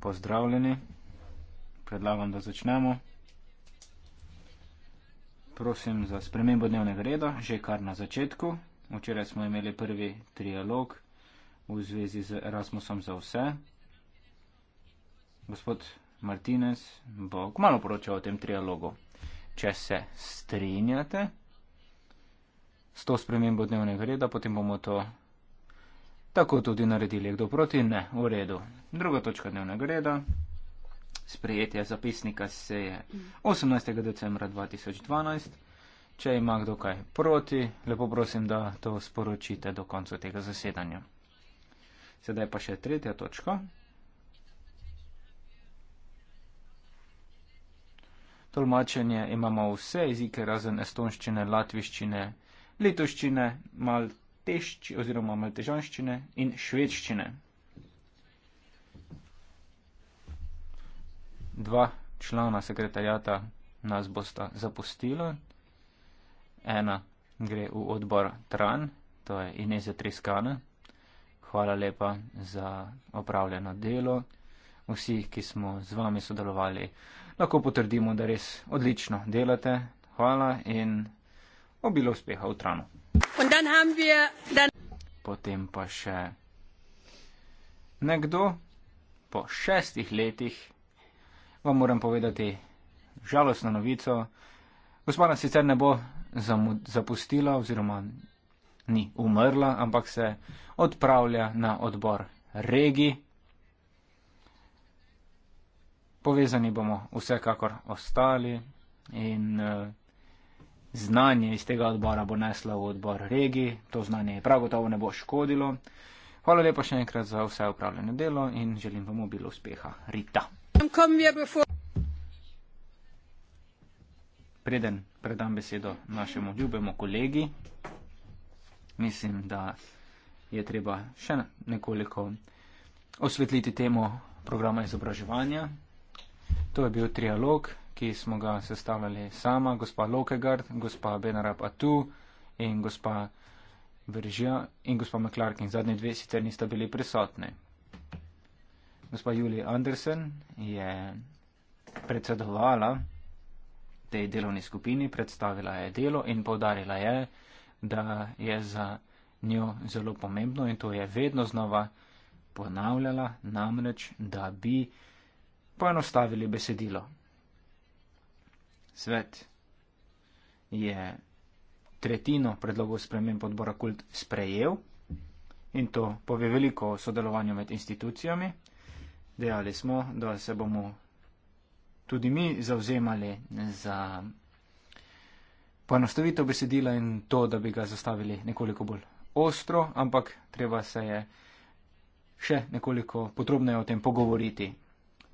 Pozdravljeni. Predlagam, da začnemo. Prosim za spremembo dnevnega reda, že kar na začetku. Včeraj smo imeli prvi trialog v zvezi z Erasmusom za vse. Gospod Martinez bo kmalo poročal o tem trialogu. Če se strinjate s to spremembo dnevnega reda, potem bomo to tako tudi naredili, kdo proti ne, v redu. Druga točka dnevnega reda, sprejetje zapisnika se je 18. decembra 2012. Če ima kdo kaj proti, lepo prosim, da to sporočite do konca tega zasedanja. Sedaj pa še tretja točka. Tolmačenje imamo vse jezike razen estonščine, latviščine, litoščine, malce malteščči oziroma maltežanščine in švedščine. Dva člana sekretarjata nas bosta zapustila. Ena gre v odbor Tran, to je Ineze Triskana. Hvala lepa za opravljeno delo. Vsi, ki smo z vami sodelovali, lahko potrdimo, da res odlično delate. Hvala in obilo uspeha v Tranu. Potem pa še nekdo po šestih letih vam moram povedati žalostno novico. Gospoda sicer ne bo zapustila oziroma ni umrla, ampak se odpravlja na odbor regi. Povezani bomo vsekakor ostali in uh, znanje iz tega odbora bo nesla v odbor regi, to znanje je prav gotovo ne bo škodilo. Hvala lepa še enkrat za vse upravljeno delo in želim vam obilo uspeha. Rita. Preden predam besedo našemu ljubemu kolegi, mislim, da je treba še nekoliko osvetliti temo programa izobraževanja. To je bil trialog ki smo ga sestavljali sama, gospa Lokegard, gospa Benarab Atu in gospa Veržija in gospa McClark in zadnji dve sicer nista bili prisotni. Gospa Julie Andersen je predsedovala tej delovni skupini, predstavila je delo in povdarila je, da je za njo zelo pomembno in to je vedno znova ponavljala, namreč, da bi poenostavili besedilo svet je tretjino predlogov sprememb odbora kult sprejel in to pove veliko o sodelovanju med institucijami. Dejali smo, da se bomo tudi mi zauzemali za poenostavitev besedila in to, da bi ga zastavili nekoliko bolj ostro, ampak treba se je še nekoliko podrobneje o tem pogovoriti.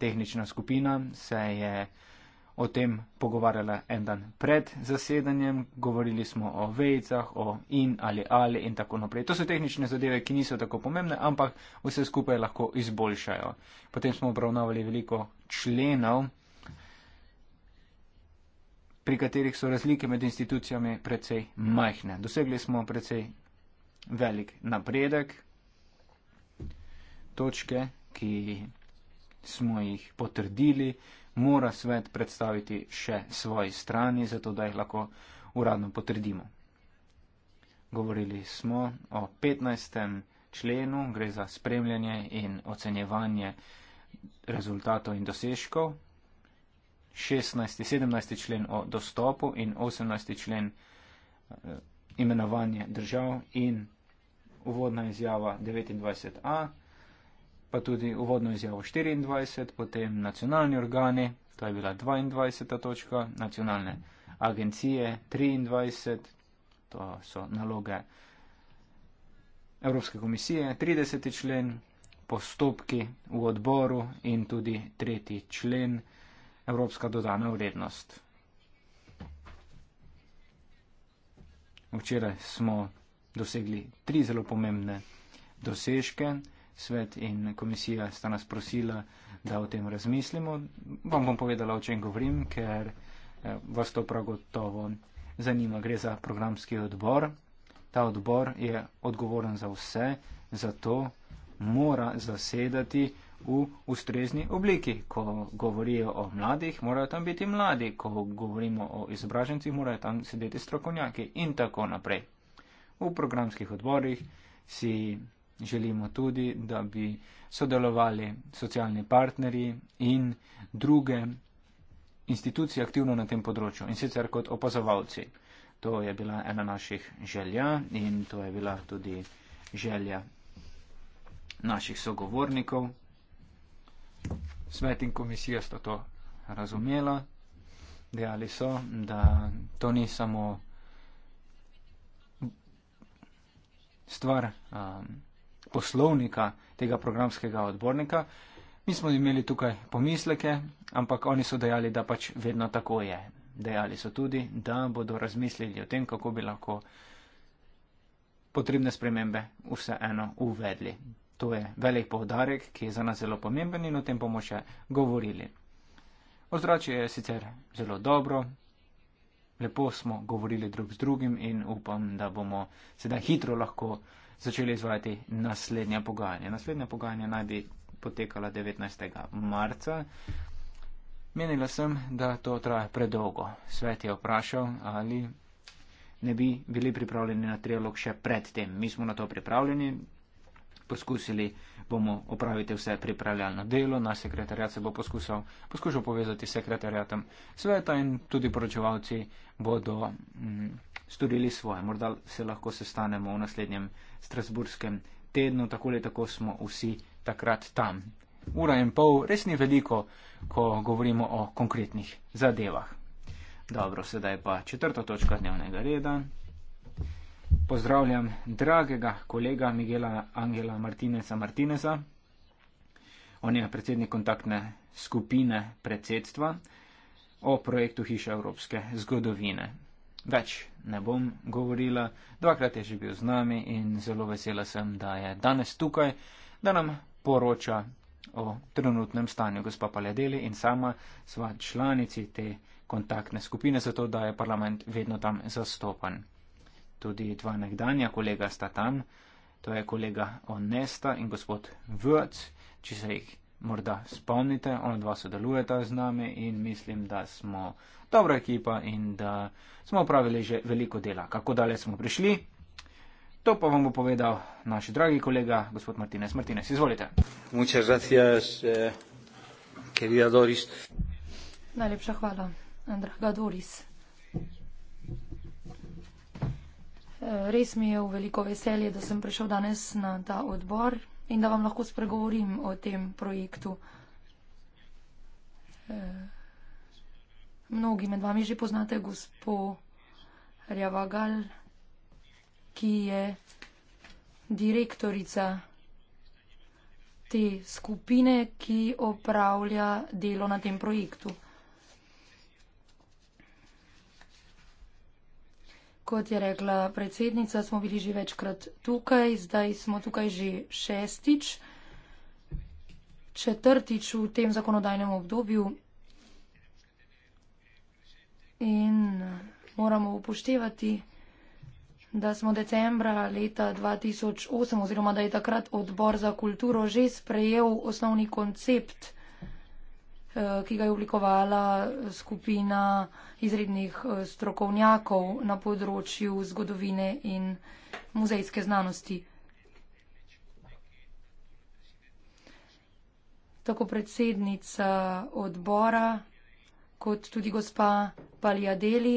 Tehnična skupina se je o tem pogovarjala en dan pred zasedanjem, govorili smo o vejcah, o in ali ali in tako naprej. To so tehnične zadeve, ki niso tako pomembne, ampak vse skupaj lahko izboljšajo. Potem smo obravnavali veliko členov, pri katerih so razlike med institucijami precej majhne. Dosegli smo precej velik napredek, točke, ki smo jih potrdili, mora svet predstaviti še svoji strani, zato da jih lahko uradno potrdimo. Govorili smo o 15. členu, gre za spremljanje in ocenjevanje rezultatov in dosežkov, 16. 17. člen o dostopu in 18. člen eh, imenovanje držav in uvodna izjava 29a pa tudi uvodno izjavo 24, potem nacionalni organi, to je bila 22. točka, nacionalne agencije 23, to so naloge Evropske komisije, 30. člen, postopki v odboru in tudi 3. člen, Evropska dodana vrednost. Včeraj smo dosegli tri zelo pomembne dosežke svet in komisija sta nas prosila, da o tem razmislimo. Vam bom povedala, o čem govorim, ker eh, vas to prav gotovo zanima. Gre za programski odbor. Ta odbor je odgovoren za vse, zato mora zasedati v ustrezni obliki. Ko govorijo o mladih, morajo tam biti mladi. Ko govorimo o izobražencih, morajo tam sedeti strokovnjaki in tako naprej. V programskih odborih si Želimo tudi, da bi sodelovali socialni partnerji in druge institucije aktivno na tem področju in sicer kot opazovalci. To je bila ena naših želja in to je bila tudi želja naših sogovornikov. Svet in komisija sta to razumela. Dejali so, da to ni samo stvar. Um, poslovnika tega programskega odbornika. Mi smo imeli tukaj pomisleke, ampak oni so dejali, da pač vedno tako je. Dejali so tudi, da bodo razmislili o tem, kako bi lahko potrebne spremembe vseeno uvedli. To je velik povdarek, ki je za nas zelo pomemben in o tem bomo še govorili. Ozračje je sicer zelo dobro, lepo smo govorili drug z drugim in upam, da bomo sedaj hitro lahko začeli izvajati naslednja pogajanja. Naslednja pogajanja naj bi potekala 19. marca. Menila sem, da to traja predolgo. Svet je vprašal, ali ne bi bili pripravljeni na trialog še pred tem. Mi smo na to pripravljeni, poskusili bomo opraviti vse pripravljalno delo, naš sekretarjat se bo poskusal, poskušal povezati s sekretarjatom sveta in tudi poročevalci bodo m, mm, storili svoje. Morda se lahko sestanemo v naslednjem strasburskem tednu, tako ali tako smo vsi takrat tam. Ura in pol res ni veliko, ko govorimo o konkretnih zadevah. Dobro, sedaj pa četrta točka dnevnega reda pozdravljam dragega kolega Miguela Angela Martineza Martineza. On je predsednik kontaktne skupine predsedstva o projektu Hiša Evropske zgodovine. Več ne bom govorila, dvakrat je že bil z nami in zelo vesela sem, da je danes tukaj, da nam poroča o trenutnem stanju gospa Paledeli in sama sva članici te kontaktne skupine, zato da je parlament vedno tam zastopan tudi dva nekdanja kolega sta tam, to je kolega Onesta in gospod Vrc, če se jih morda spomnite, on dva sodelujeta z nami in mislim, da smo dobra ekipa in da smo opravili že veliko dela. Kako dalje smo prišli? To pa vam bo povedal naš dragi kolega, gospod Martinez. Martinez, izvolite. Muchas gracias, eh, querida Doris. Najlepša hvala, draga Doris. Res mi je v veliko veselje, da sem prišel danes na ta odbor in da vam lahko spregovorim o tem projektu. E, mnogi med vami že poznate gospo Rjavagal, ki je direktorica te skupine, ki opravlja delo na tem projektu. Kot je rekla predsednica, smo bili že večkrat tukaj, zdaj smo tukaj že šestič, četrtič v tem zakonodajnem obdobju in moramo upoštevati, da smo decembra leta 2008 oziroma da je takrat odbor za kulturo že sprejel osnovni koncept. Eh, ki ga je oblikovala skupina izrednih eh, strokovnjakov na področju zgodovine in muzejske znanosti. Tako predsednica odbora kot tudi gospa Paliadeli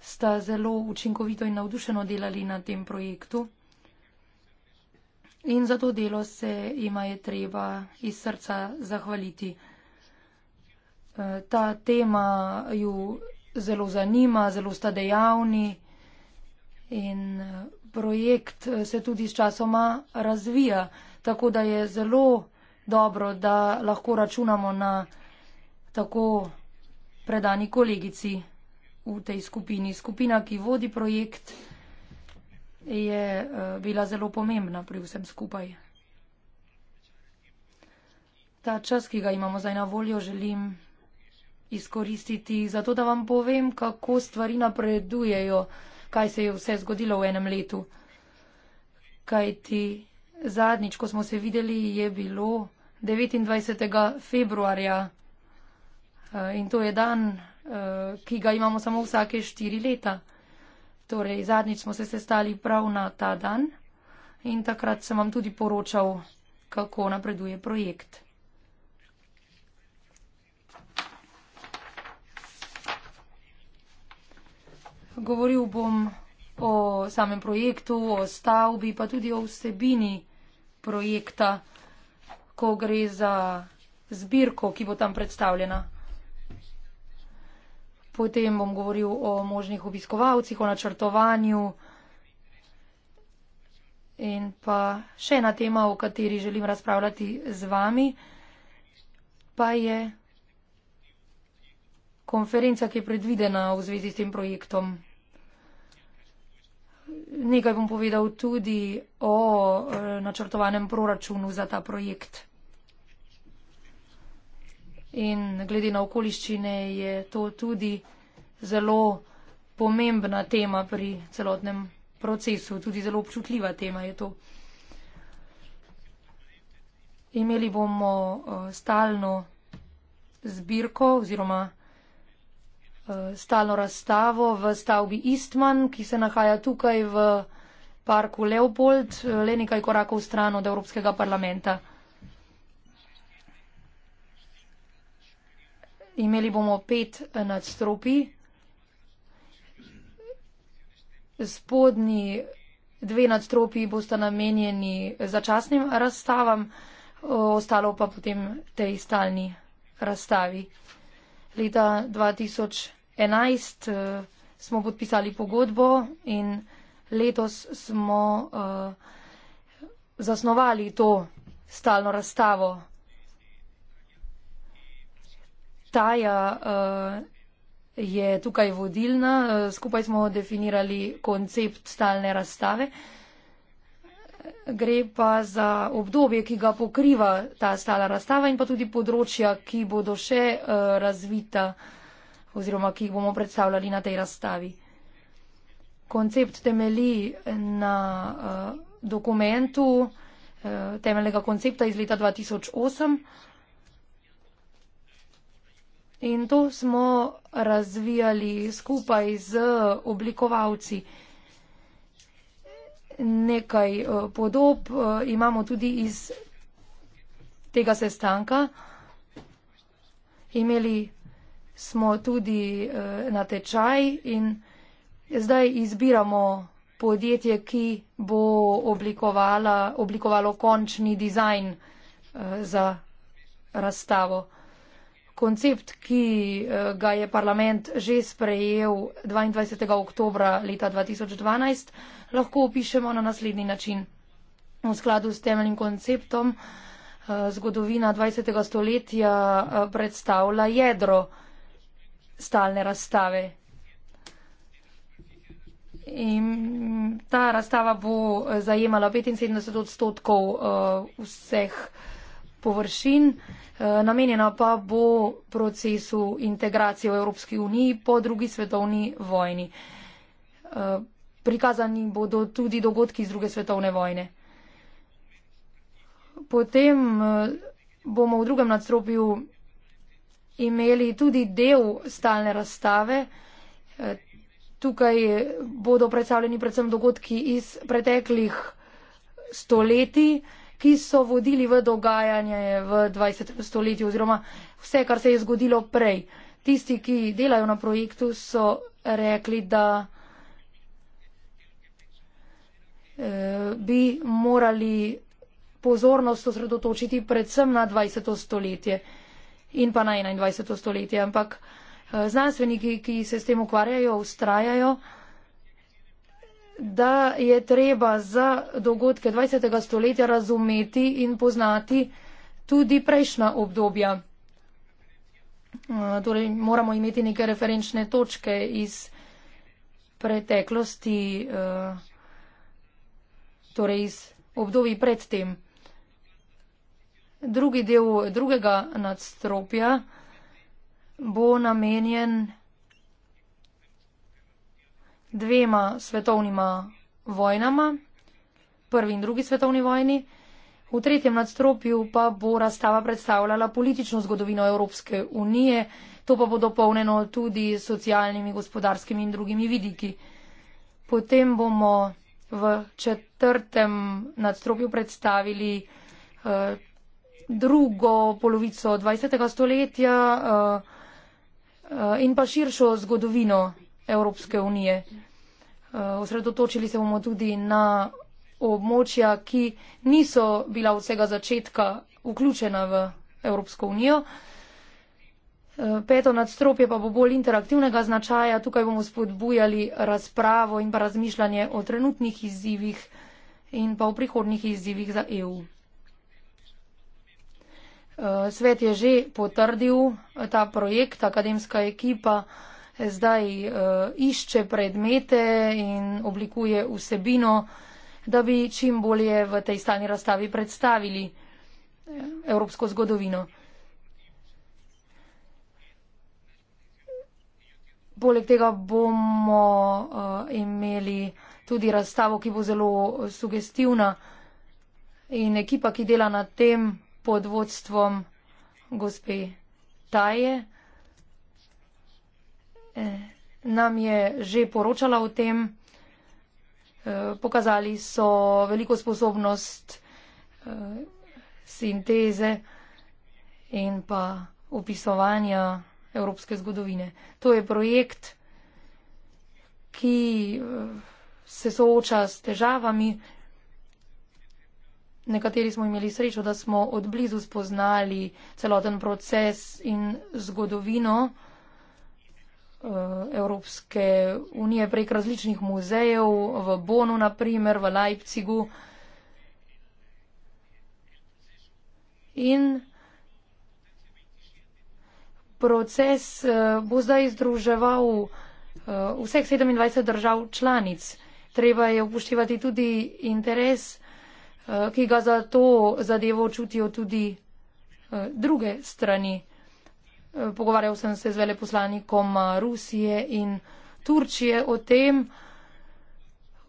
sta zelo učinkovito in navdušeno delali na tem projektu. In za to delo se jima je treba iz srca zahvaliti ta tema ju zelo zanima, zelo sta dejavni in eh, projekt eh, se tudi sčasoma razvija, tako da je zelo dobro, da lahko računamo na tako predani kolegici v tej skupini. Skupina, ki vodi projekt, je eh, bila zelo pomembna pri vsem skupaj. Ta čas, ki ga imamo zdaj na voljo, želim izkoristiti, zato da vam povem, kako stvari napredujejo, kaj se je vse zgodilo v enem letu. Kaj ti zadnjič, ko smo se videli, je bilo 29. februarja eh, in to je dan, eh, ki ga imamo samo vsake štiri leta. Torej, zadnjič smo se sestali prav na ta dan in takrat sem vam tudi poročal, kako napreduje projekt. Govoril bom o samem projektu, o stavbi, pa tudi o vsebini projekta, ko gre za zbirko, ki bo tam predstavljena. Potem bom govoril o možnih obiskovalcih, o načrtovanju in pa še ena tema, o kateri želim razpravljati z vami, pa je konferenca, ki je predvidena v zvezi s tem projektom. Nekaj bom povedal tudi o eh, načrtovanem proračunu za ta projekt. In glede na okoliščine je to tudi zelo pomembna tema pri celotnem procesu, tudi zelo občutljiva tema je to. Imeli bomo eh, stalno zbirko oziroma Eh, stalno razstavo v stavbi Istman, ki se nahaja tukaj v parku Leopold, eh, le nekaj korakov stran od Evropskega parlamenta. Imeli bomo pet nadstropi. Spodnji dve nadstropi bosta namenjeni začasnim razstavam, ostalo pa potem tej stalni razstavi leta 2011 uh, eh, smo podpisali pogodbo in letos smo uh, zasnovali to stalno razstavo. Taja uh, je tukaj vodilna, uh, skupaj smo definirali koncept stalne razstave. Uh, gre pa za obdobje, ki ga pokriva ta stala razstava in pa tudi področja, ki bodo še uh, razvita oziroma ki jih bomo predstavljali na tej razstavi. Koncept temeli na uh, dokumentu uh, temeljnega koncepta iz leta 2008 in to smo razvijali skupaj z oblikovalci. Uh, nekaj eh, podob eh, imamo tudi iz tega sestanka. Imeli smo tudi eh, na tečaj in zdaj izbiramo podjetje, ki bo oblikovalo končni dizajn za razstavo koncept, ki eh, ga je parlament že sprejel 22. oktobra leta 2012, lahko opišemo na naslednji način. V skladu s temeljnim konceptom eh, zgodovina 20. stoletja eh, predstavlja jedro stalne razstave. In ta razstava bo zajemala 75 odstotkov vseh površin. Eh, namenjena pa bo procesu integracije v Evropski uniji po drugi svetovni vojni. Eh, prikazani bodo tudi dogodki iz druge svetovne vojne. Potem eh, bomo v drugem nadstropju imeli tudi del stalne razstave. Tukaj bodo predstavljeni predvsem dogodki iz preteklih stoletij ki so vodili v dogajanje v 20. stoletju oziroma vse, kar se je zgodilo prej. Tisti, ki delajo na projektu, so rekli, da eh, bi morali pozornost osredotočiti predvsem na 20. stoletje in pa na 21. stoletje. Ampak eh, znanstveniki, ki se s tem ukvarjajo, ustrajajo da je treba za dogodke 20. stoletja razumeti in poznati tudi prejšnja obdobja. Uh, torej, moramo imeti neke referenčne točke iz preteklosti, uh, torej iz obdobji predtem. Drugi del drugega nadstropja bo namenjen dvema svetovnima vojnama, prvi in drugi svetovni vojni. V tretjem nadstropju pa bo razstava predstavljala politično zgodovino Evropske unije, to pa bo dopolnjeno tudi s socialnimi, gospodarskimi in drugimi vidiki. Potem bomo v četrtem nadstropju predstavili uh, drugo polovico 20. stoletja uh, uh, in pa širšo zgodovino Evropske unije. Eh, osredotočili se bomo tudi na območja, ki niso bila od vsega začetka vključena v Evropsko unijo. Eh, peto nadstropje pa bo bolj interaktivnega značaja. Tukaj bomo spodbujali razpravo in pa razmišljanje o trenutnih izzivih in pa o prihodnih izzivih za EU. Eh, svet je že potrdil ta projekt, akademska ekipa zdaj uh, išče predmete in oblikuje vsebino, da bi čim bolje v tej stani razstavi predstavili eh, evropsko zgodovino. Poleg tega bomo uh, imeli tudi razstavo, ki bo zelo sugestivna in ekipa, ki dela na tem pod vodstvom gospe Taje nam je že poročala o tem. Eh, pokazali so veliko sposobnost eh, sinteze in pa opisovanja evropske zgodovine. To je projekt, ki eh, se sooča s težavami. Nekateri smo imeli srečo, da smo odblizu spoznali celoten proces in zgodovino. Eh, Evropske unije prek različnih muzejev, v Bonu naprimer, v Leipzigu. In proces eh, bo zdaj združeval eh, vseh 27 držav članic. Treba je upoštevati tudi interes, ki ga za to zadevo čutijo tudi druge strani. Pogovarjal sem se z veleposlanikom eh, Rusije in Turčije o tem.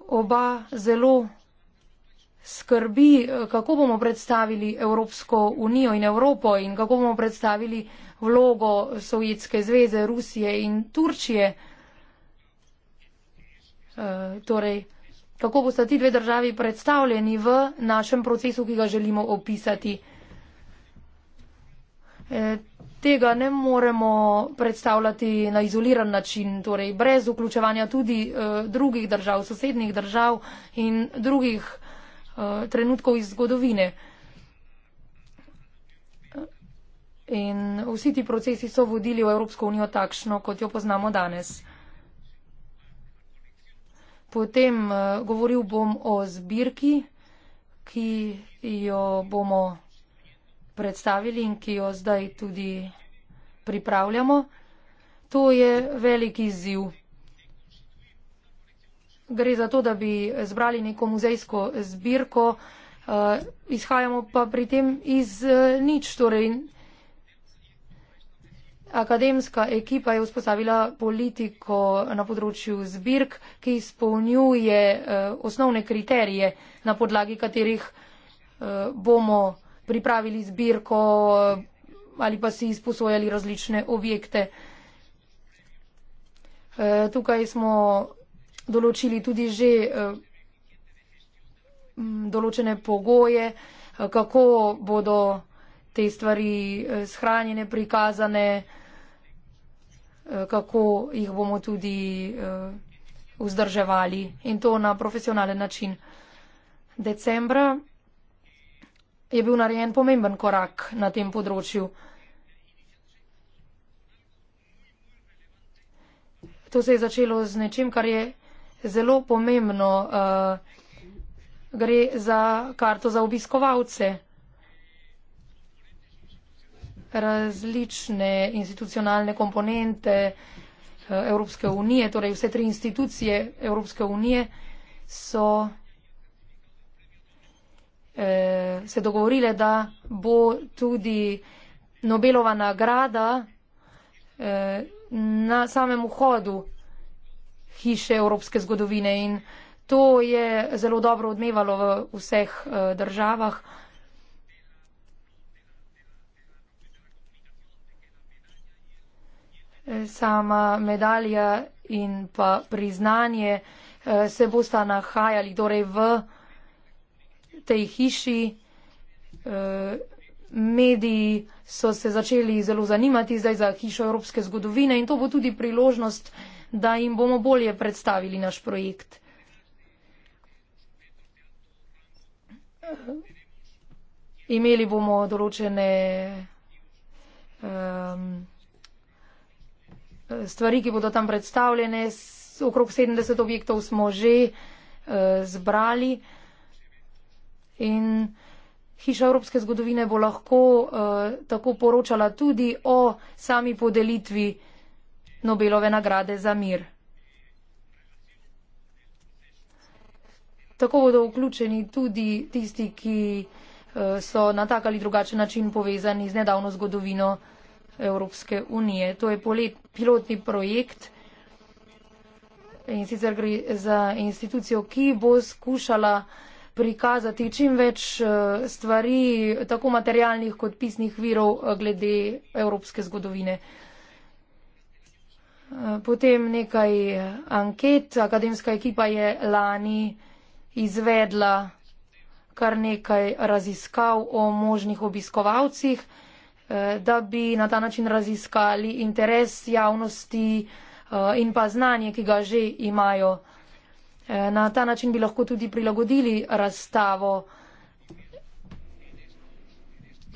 Oba zelo skrbi, eh, kako bomo predstavili Evropsko unijo in Evropo in kako bomo predstavili vlogo Sovjetske zveze, Rusije in Turčije. Eh, torej, kako bosta ti dve državi predstavljeni v našem procesu, ki ga želimo opisati tega ne moremo predstavljati na izoliran način, torej brez vključevanja tudi uh, drugih držav, sosednjih držav in drugih uh, trenutkov iz zgodovine. In vsi ti procesi so vodili v Evropsko unijo takšno, kot jo poznamo danes. Potem uh, govoril bom o zbirki, ki jo bomo predstavili in ki jo zdaj tudi pripravljamo. To je velik izziv. Gre za to, da bi zbrali neko muzejsko zbirko, eh, izhajamo pa pri tem iz eh, nič. Torej, akademska ekipa je vzpostavila politiko na področju zbirk, ki izpolnjuje eh, osnovne kriterije, na podlagi katerih bomo pripravili zbirko eh, ali pa si izposojali različne objekte. Eh, tukaj smo določili tudi že eh, določene pogoje, kako bodo te stvari shranjene, prikazane, kako jih bomo tudi vzdrževali in to na profesionalen način. Decembra je bil narejen pomemben korak na tem področju. To se je začelo z nečim, kar je zelo pomembno. Uh, gre za karto za obiskovalce. Različne institucionalne komponente uh, Evropske unije, torej vse tri institucije Evropske unije so eh, se dogovorile, da bo tudi Nobelova nagrada eh, na samem vhodu hiše evropske zgodovine. In to je zelo dobro odmevalo v vseh eh, državah. Eh, sama medalja in pa priznanje eh, se bosta nahajali torej v eh, tej hiši, eh, mediji so se začeli zelo zanimati zdaj za hišo evropske zgodovine in to bo tudi priložnost, da jim bomo bolje predstavili naš projekt. Imeli bomo določene um, stvari, ki bodo tam predstavljene. Okrog 70 objektov smo že uh, zbrali. Uh, In hiša evropske zgodovine bo lahko uh, tako poročala tudi o sami podelitvi Nobelove nagrade za mir. Tako bodo vključeni tudi tisti, ki eh, so na tak ali drugačen način povezani z nedavno zgodovino Evropske unije. To je polet, pilotni projekt in sicer gre za institucijo, ki bo skušala prikazati čim več eh, stvari, tako materialnih kot pisnih virov eh, glede evropske zgodovine. Eh, potem nekaj anket. Akademska ekipa je lani izvedla kar nekaj raziskav o možnih obiskovalcih, da bi na ta način raziskali interes javnosti in pa znanje, ki ga že imajo. Na ta način bi lahko tudi prilagodili razstavo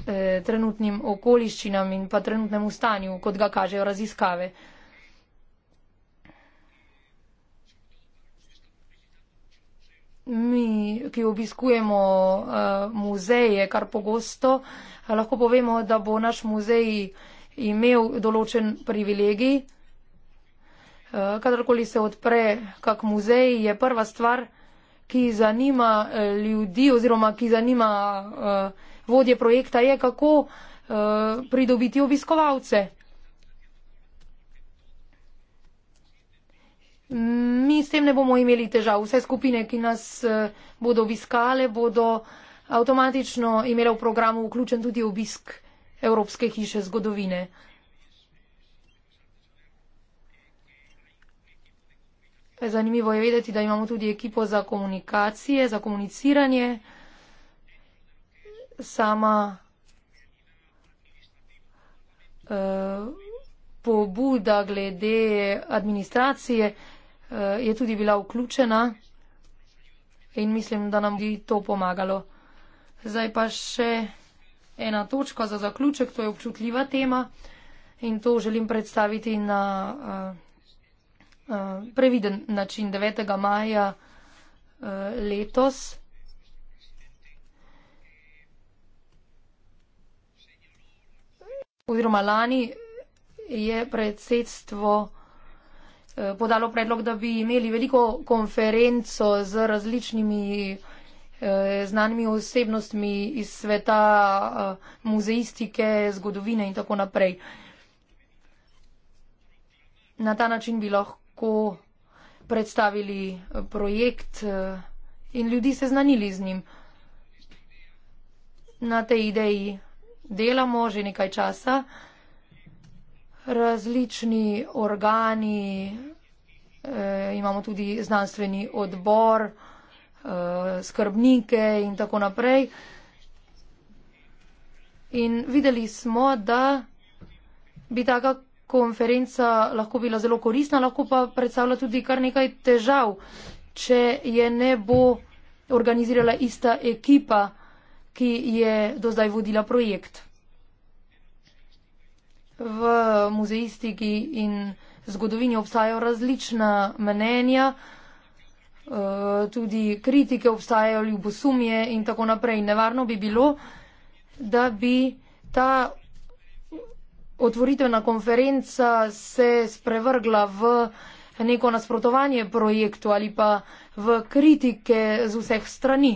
eh, trenutnim okoliščinam in pa trenutnemu stanju, kot ga kažejo raziskave. Mi, ki obiskujemo uh, muzeje kar pogosto, eh, lahko povemo, da bo naš muzej imel določen privilegij. Uh, Eh, kadarkoli se odpre kak muzej, je prva stvar, ki zanima eh, ljudi oziroma ki zanima eh, vodje projekta, je kako pridobiti obiskovalce. Mi s tem ne bomo imeli težav. Vse skupine, ki nas bodo obiskale, bodo avtomatično imele v programu vključen tudi obisk Evropske hiše zgodovine. Zanimivo je vedeti, da imamo tudi ekipo za komunikacije, za komuniciranje. Sama uh, pobuda glede administracije uh, je tudi bila vključena in mislim, da nam bi to pomagalo. Zdaj pa še ena točka za zaključek, to je občutljiva tema in to želim predstaviti na. Uh, Eh, previden način 9. maja eh, letos. Oziroma lani je predsedstvo eh, podalo predlog, da bi imeli veliko konferenco z različnimi znanimi osebnostmi iz sveta muzejistike, zgodovine in tako naprej. Na ta način bi lahko lahko predstavili eh, projekt eh, in ljudi seznanili z njim. Na tej ideji delamo že nekaj časa. Različni organi, eh, imamo tudi znanstveni odbor, skrbnike in tako naprej. In videli smo, da bi taka konferenca lahko bila zelo korisna, lahko pa predstavlja tudi kar nekaj težav, če je ne bo organizirala ista ekipa, ki je do zdaj vodila projekt. V muzejistiki in zgodovini obstajajo različna mnenja, eh, tudi kritike obstajajo, ljubosumje in tako naprej. Nevarno bi bilo, da bi ta otvoritvena konferenca se sprevrgla v neko nasprotovanje projektu ali pa v kritike z vseh strani.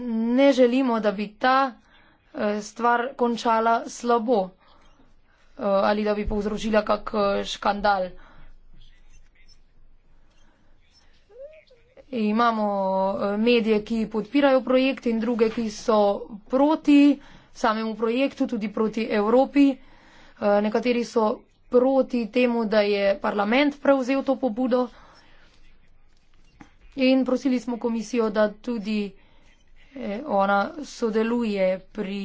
Ne želimo, da bi ta eh, stvar končala slabo eh, ali da bi povzročila kak eh, škandal. imamo eh, medije, ki podpirajo projekt in druge, ki so proti samemu projektu, tudi proti Evropi. Eh, nekateri so proti temu, da je parlament prevzel to pobudo. In prosili smo komisijo, da tudi eh, ona sodeluje pri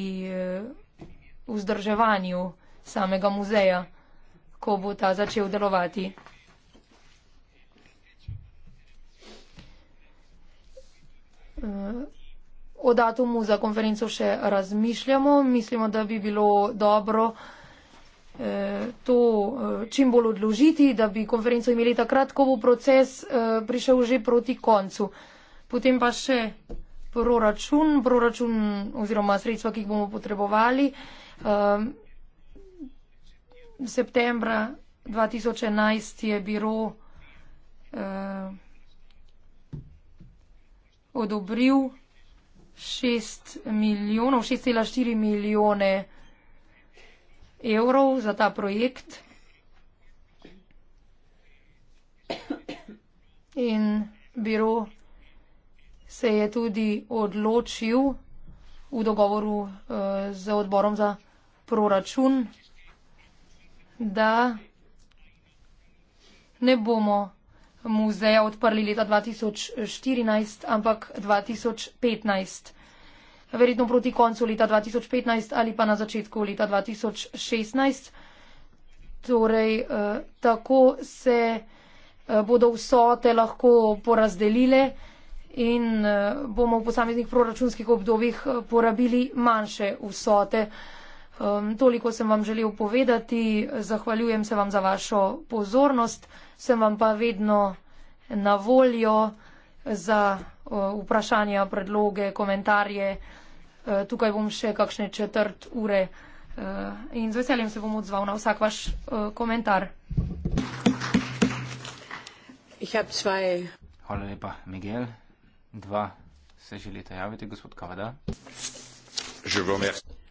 vzdrževanju samega muzeja, ko bo ta začel delovati. O datumu za konferenco še razmišljamo. Mislimo, da bi bilo dobro eh, to eh, čim bolj odložiti, da bi konferenco imeli takrat, ko bo proces eh, prišel že proti koncu. Potem pa še proračun, proračun oziroma sredstva, ki jih bomo potrebovali. Septembra 2011 je biro odobril šest milijonov, šest cela štiri milijone evrov za ta projekt. In biro se je tudi odločil v dogovoru uh, z odborom za proračun, da ne bomo muzeja odprli leta 2014, ampak 2015. Verjetno proti koncu leta 2015 ali pa na začetku leta 2016. Torej, eh, tako se eh, bodo vsote lahko porazdelile in eh, bomo v posameznih proračunskih obdobjih porabili manjše vsote. Um, toliko sem vam želel povedati, zahvaljujem se vam za vašo pozornost, sem vam pa vedno na voljo za uh, vprašanja, predloge, komentarje. Uh, tukaj bom še kakšne četrt ure uh, in z veseljem se bom odzval na vsak vaš uh, komentar. Hvala lepa, Miguel. Dva se želite javiti, gospod Kavada. Živo mesto.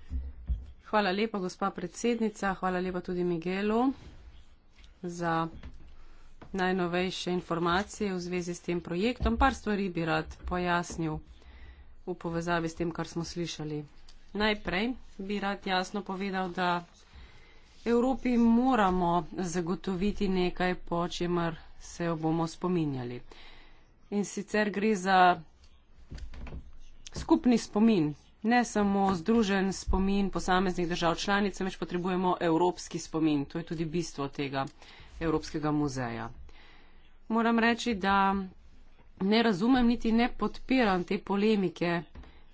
Hvala lepa, gospa predsednica. Hvala lepa tudi Miguelu za najnovejše informacije v zvezi s tem projektom. Par stvari bi rad pojasnil v povezavi s tem, kar smo slišali. Najprej bi rad jasno povedal, da Evropi moramo zagotoviti nekaj, po čemer se jo bomo spominjali. In sicer gre za skupni spomin, ne samo združen spomin posameznih držav članic, več potrebujemo evropski spomin. To je tudi bistvo tega Evropskega muzeja. Moram reči, da ne razumem niti ne podpiram te polemike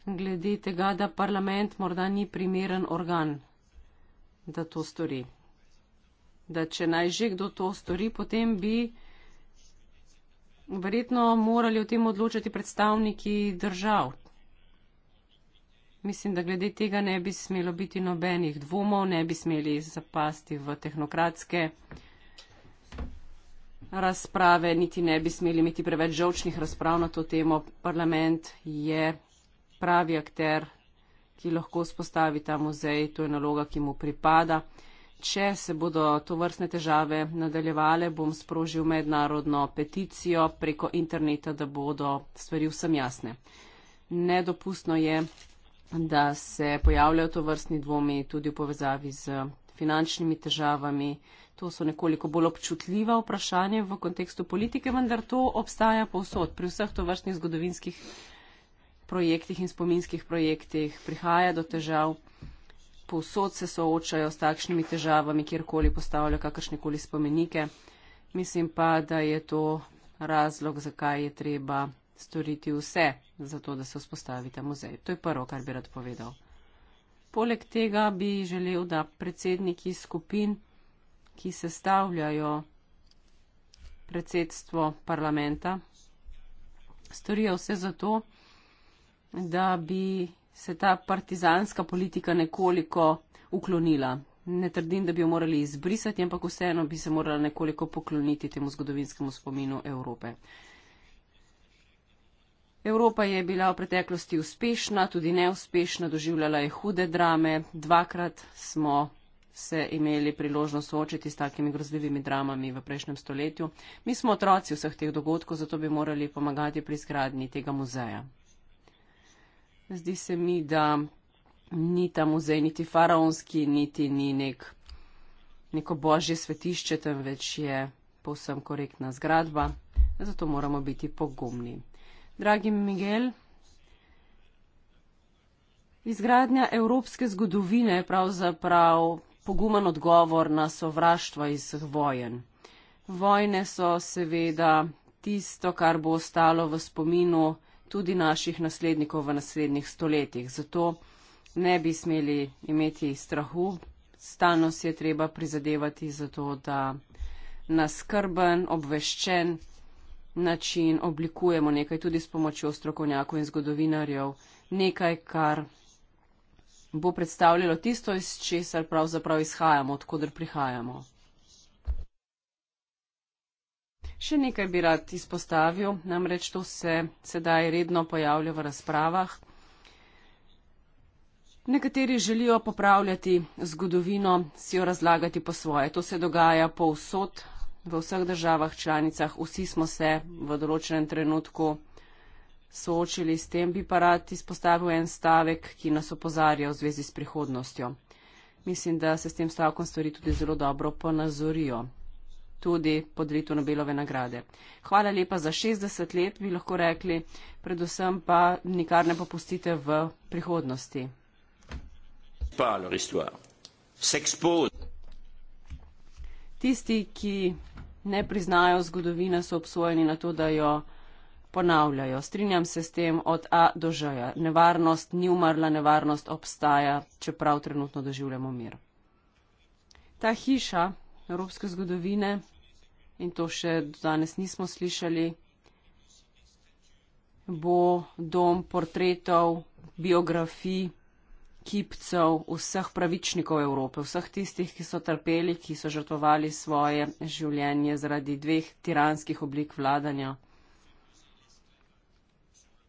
glede tega, da parlament morda ni primeren organ, da to stori. Da če naj že kdo to stori, potem bi verjetno morali o tem odločati predstavniki držav, mislim, da glede tega ne bi smelo biti nobenih dvomov, ne bi smeli zapasti v tehnokratske razprave, niti ne bi smeli imeti preveč žovčnih razprav na to temo. Parlament je pravi akter, ki lahko spostavi ta muzej, to je naloga, ki mu pripada. Če se bodo to vrstne težave nadaljevale, bom sprožil mednarodno peticijo preko interneta, da bodo stvari vsem jasne. Nedopustno je, da se pojavljajo to vrstni dvomi tudi v povezavi z finančnimi težavami. To so nekoliko bolj občutljiva vprašanja v kontekstu politike, vendar to obstaja povsod. Pri vseh to vrstnih zgodovinskih projektih in spominskih projektih prihaja do težav. Povsod se soočajo s takšnimi težavami, kjerkoli postavljajo kakršnekoli spomenike. Mislim pa, da je to razlog, zakaj je treba storiti vse za to, da se vzpostavi ta muzej. To je prvo, kar bi rad povedal. Poleg tega bi želel, da predsedniki skupin, ki sestavljajo predsedstvo parlamenta, storijo vse za to, da bi se ta partizanska politika nekoliko uklonila. Ne trdim, da bi jo morali izbrisati, ampak vseeno bi se morala nekoliko pokloniti temu zgodovinskemu spominu Evrope. Evropa je bila v preteklosti uspešna, tudi neuspešna, doživljala je hude drame. Dvakrat smo se imeli priložnost soočiti s takimi grozljivimi dramami v prejšnjem stoletju. Mi smo otroci vseh teh dogodkov, zato bi morali pomagati pri zgradnji tega muzeja. Zdi se mi, da ni ta muzej niti faraonski, niti ni nek, neko božje svetišče, temveč je povsem korektna zgradba. Zato moramo biti pogumni. Dragi Miguel, izgradnja evropske zgodovine je pravzaprav poguman odgovor na sovraštvo iz vojen. Vojne so seveda tisto, kar bo ostalo v spominu tudi naših naslednikov v naslednjih stoletjih. Zato ne bi smeli imeti strahu, stalno si je treba prizadevati za to, da na skrben, obveščen, način oblikujemo nekaj tudi s pomočjo strokovnjakov in zgodovinarjev, nekaj, kar bo predstavljalo tisto, iz česar pravzaprav izhajamo, odkudr prihajamo. Še nekaj bi rad izpostavil, namreč to se sedaj redno pojavlja v razpravah. Nekateri želijo popravljati zgodovino, si jo razlagati po svoje. To se dogaja povsod, v vseh državah članicah, vsi smo se v določenem trenutku soočili s tem, bi pa rad izpostavil en stavek, ki nas opozarja v zvezi s prihodnostjo. Mislim, da se s tem stavkom stvari tudi zelo dobro ponazorijo, tudi podelitev Nobelove nagrade. Hvala lepa za 60 let, bi lahko rekli, predvsem pa nikar ne popustite v prihodnosti. Tisti, ki ne priznajo zgodovine, so obsojeni na to, da jo ponavljajo. Strinjam se s tem od A do Ž. -ja. Nevarnost ni umrla, nevarnost obstaja, čeprav trenutno doživljamo mir. Ta hiša evropske zgodovine, in to še do danes nismo slišali, bo dom portretov, biografij, kipcev vseh pravičnikov Evrope, vseh tistih, ki so trpeli, ki so žrtvovali svoje življenje zaradi dveh tiranskih oblik vladanja.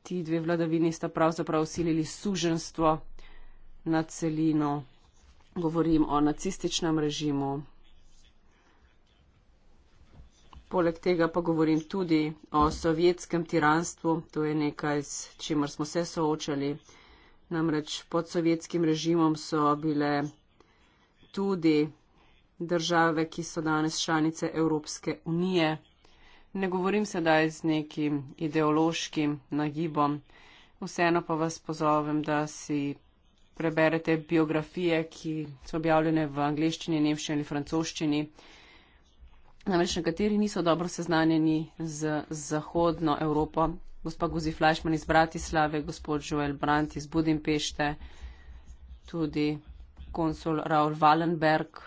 Ti dve vladavini sta pravzaprav usilili suženstvo na celino. Govorim o nacističnem režimu. Poleg tega pa govorim tudi o sovjetskem tiranstvu. To je nekaj, s čimer smo se soočali. Namreč pod sovjetskim režimom so bile tudi države, ki so danes članice Evropske unije. Ne govorim sedaj z nekim ideološkim nagibom, vseeno pa vas pozovem, da si preberete biografije, ki so objavljene v angliščini, nemščini ali francoščini. Namreč nekateri niso dobro seznanjeni z zahodno Evropo, gospa Guzi Flašman iz Bratislave, gospod Joel Brandt iz Budimpešte, tudi konsul Raul Wallenberg.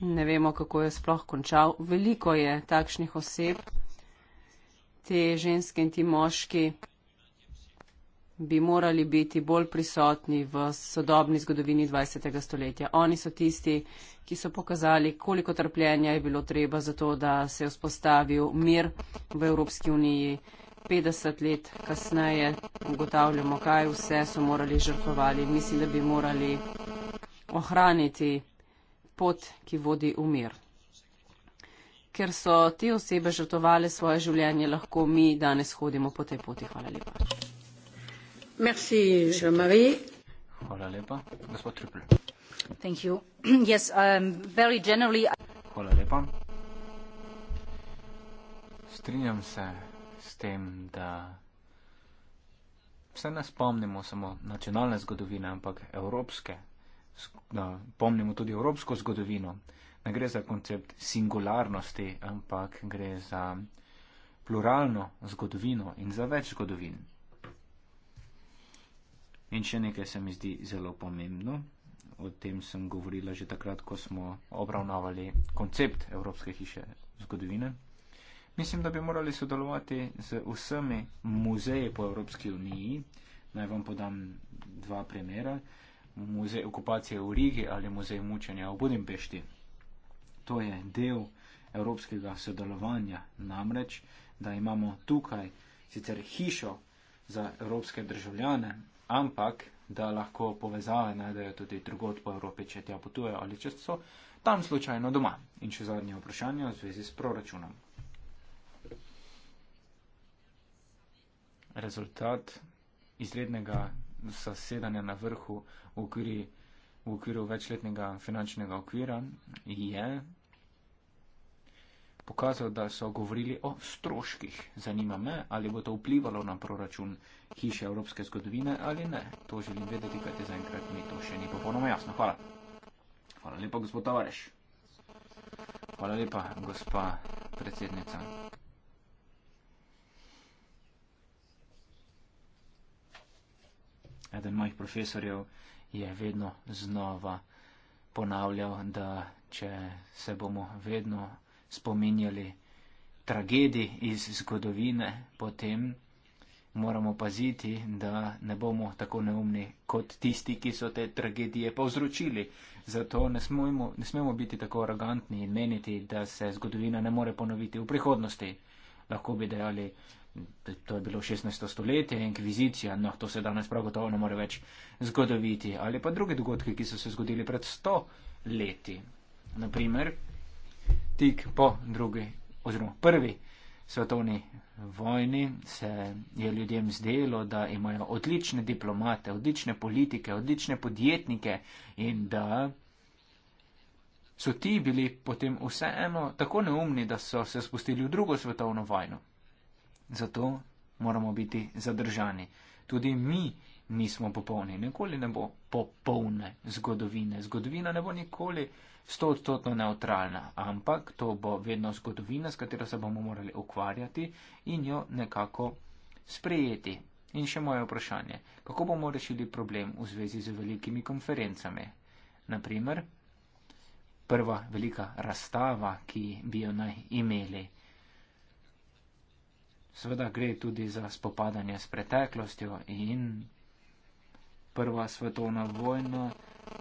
Ne vemo, kako je sploh končal. Veliko je takšnih oseb, te ženske in ti moški bi morali biti bolj prisotni v sodobni zgodovini 20. stoletja. Oni so tisti, ki so pokazali, koliko trpljenja je bilo treba za to, da se je vzpostavil mir v Evropski uniji. 50 let kasneje ugotavljamo, kaj vse so morali žrtvovali. Mislim, da bi morali ohraniti pot, ki vodi v mir. Ker so te osebe žrtovali svoje življenje, lahko mi danes hodimo po tej poti. Hvala lepa. Merci, Jean-Marie. Hvala lepa. Gospod Trippel. Thank you. yes, um, very generally. Hvala lepa. Strinjam se s tem, da se ne spomnimo samo nacionalne zgodovine, ampak evropske. Da pomnimo tudi evropsko zgodovino. Ne gre za koncept singularnosti, ampak gre za pluralno zgodovino in za več zgodovin. In še nekaj se mi zdi zelo pomembno. O tem sem govorila že takrat, ko smo obravnavali koncept Evropske hiše zgodovine. Mislim, da bi morali sodelovati z vsemi muzeji po Evropski uniji. Naj vam podam dva primera. Muzej okupacije v Rigi ali muzej mučenja v Budimpešti. To je del evropskega sodelovanja, namreč, da imamo tukaj sicer hišo za evropske državljane, ampak da lahko povezave najdejo tudi drugot po Evropi, če tja potujejo ali če so tam slučajno doma. In še zadnje vprašanje v zvezi s proračunom. Rezultat izrednega zasedanja na vrhu v okviru, v okviru večletnega finančnega okvira je pokazal, da so govorili o stroških. Zanima me, ali bo to vplivalo na proračun hiše evropske zgodovine ali ne. To želim vedeti, kaj te zaenkrat mi to še ni popolnoma jasno. Hvala. Hvala lepa, gospod Tavareš. Hvala lepa, gospa predsednica. Eden mojih profesorjev je vedno znova ponavljal, da če se bomo vedno spominjali tragedij iz zgodovine, potem moramo paziti, da ne bomo tako neumni kot tisti, ki so te tragedije povzročili. Zato ne smemo, ne smemo biti tako arogantni in meniti, da se zgodovina ne more ponoviti v prihodnosti. Lahko bi dejali, da to je bilo 16. stoletje, inkvizicija, no to se danes prav gotovo ne more več zgodoviti. Ali pa druge dogodke, ki so se zgodili pred 100 leti. Naprimer, tik po drugi oziroma prvi svetovni vojni se je ljudem zdelo, da imajo odlične diplomate, odlične politike, odlične podjetnike in da so ti bili potem vseeno tako neumni, da so se spustili v drugo svetovno vojno. Zato moramo biti zadržani. Tudi mi nismo popolni. Nikoli ne bo popolne zgodovine. Zgodovina ne bo nikoli stotodstotno neutralna, ampak to bo vedno zgodovina, s katero se bomo morali ukvarjati in jo nekako sprejeti. In še moje vprašanje, kako bomo rešili problem v zvezi z velikimi konferencami? Naprimer, prva velika razstava, ki bi jo naj imeli. Sveda gre tudi za spopadanje s preteklostjo in prva svetovna vojna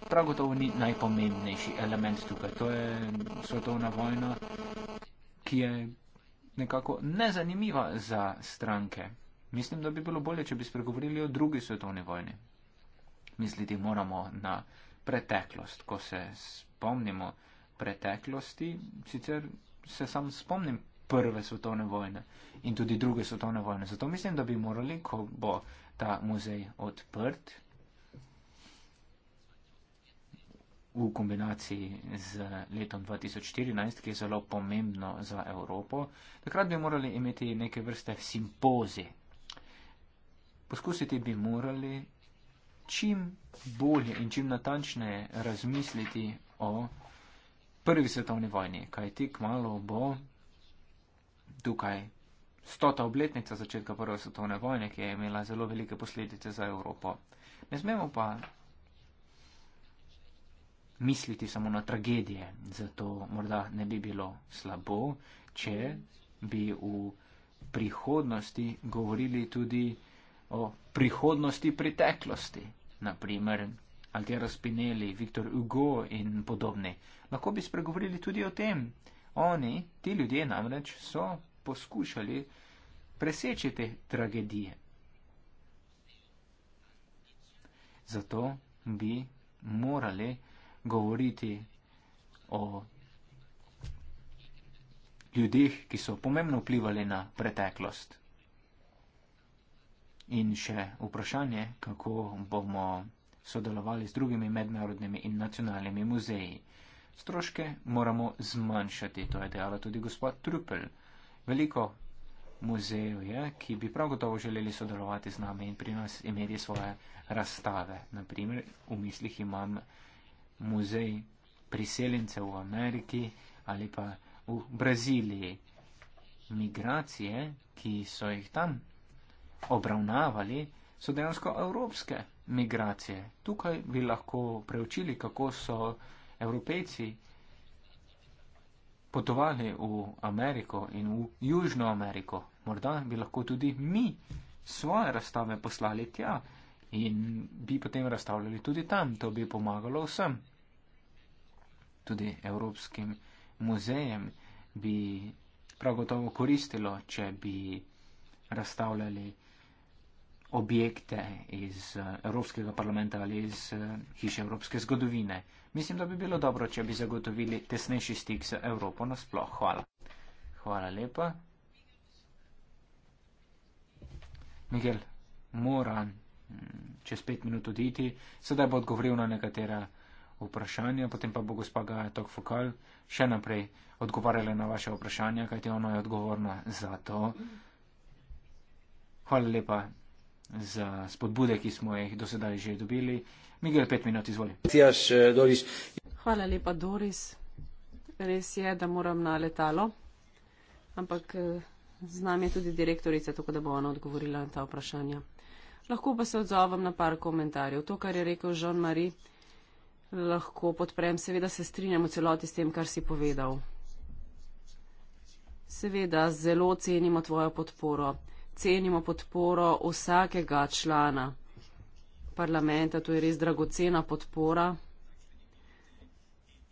prav gotovo ni najpomembnejši element tukaj. To je svetovna vojna, ki je nekako nezanimiva za stranke. Mislim, da bi bilo bolje, če bi spregovorili o drugi svetovni vojni. Misliti moramo na preteklost. Ko se spomnimo preteklosti, sicer se sam spomnim prve svetovne vojne in tudi druge svetovne vojne. Zato mislim, da bi morali, ko bo ta muzej odprt, v kombinaciji z letom 2014, ki je zelo pomembno za Evropo, takrat bi morali imeti neke vrste simpozi. Poskusiti bi morali čim bolje in čim natančneje razmisliti o prvi svetovni vojni, kaj tik malo bo tukaj stota obletnica začetka prve svetovne vojne, ki je imela zelo velike posledice za Evropo. Ne smemo pa misliti samo na tragedije. Zato morda ne bi bilo slabo, če bi v prihodnosti govorili tudi o prihodnosti preteklosti. Naprimer, Altiero Spinelli, Viktor Hugo in podobni. Lahko bi spregovorili tudi o tem. Oni, ti ljudje namreč, so poskušali preseči te tragedije. Zato bi morali govoriti o ljudeh, ki so pomembno vplivali na preteklost. In še vprašanje, kako bomo sodelovali z drugimi mednarodnimi in nacionalnimi muzeji. Stroške moramo zmanjšati, to je dejala tudi gospod Trupel. Veliko muzejev je, ki bi prav gotovo želeli sodelovati z nami in pri nas imeti svoje razstave. Naprimer, v mislih imam muzej priseljencev v Ameriki ali pa v Braziliji. Migracije, ki so jih tam obravnavali, so dejansko evropske migracije. Tukaj bi lahko preučili, kako so evropejci potovali v Ameriko in v Južno Ameriko. Morda bi lahko tudi mi svoje razstave poslali tja in bi potem razstavljali tudi tam. To bi pomagalo vsem tudi Evropskim muzejem, bi prav gotovo koristilo, če bi razstavljali objekte iz eh, Evropskega parlamenta ali iz eh, hiše Evropske zgodovine. Mislim, da bi bilo dobro, če bi zagotovili tesnejši stik z Evropo nasploh. Hvala. Hvala lepa. Miguel, moram mm, čez pet minut oditi, sedaj bo odgovoril na nekatera vprašanja, potem pa bo gospa Gaja Tokfokal še naprej odgovarjala na vaše vprašanja, kajti ona je odgovorna za to. Hvala lepa za spodbude, ki smo jih do sedaj že dobili. Miguel, pet minut, izvoli. Eh, Hvala lepa, Doris. Res je, da moram na letalo, ampak eh, z nami je tudi direktorica, tako da bo ona odgovorila na ta vprašanja. Lahko pa se odzovem na par komentarjev. To, kar je rekel Jean-Marie, lahko podprem. Seveda se strinjam v celoti s tem, kar si povedal. Seveda zelo cenimo tvojo podporo. Cenimo podporo vsakega člana parlamenta. To je res dragocena podpora.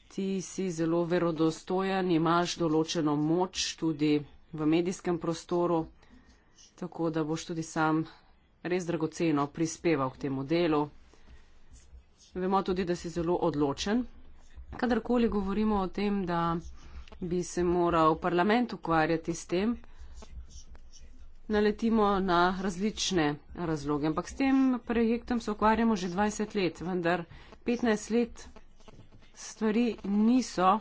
Ti si zelo verodostojen, imaš določeno moč tudi v medijskem prostoru, tako da boš tudi sam res dragoceno prispeval k temu delu. Vemo tudi, da si zelo odločen. Kadarkoli govorimo o tem, da bi se moral parlament ukvarjati s tem, naletimo na različne razloge. Ampak s tem projektom se ukvarjamo že 20 let, vendar 15 let stvari niso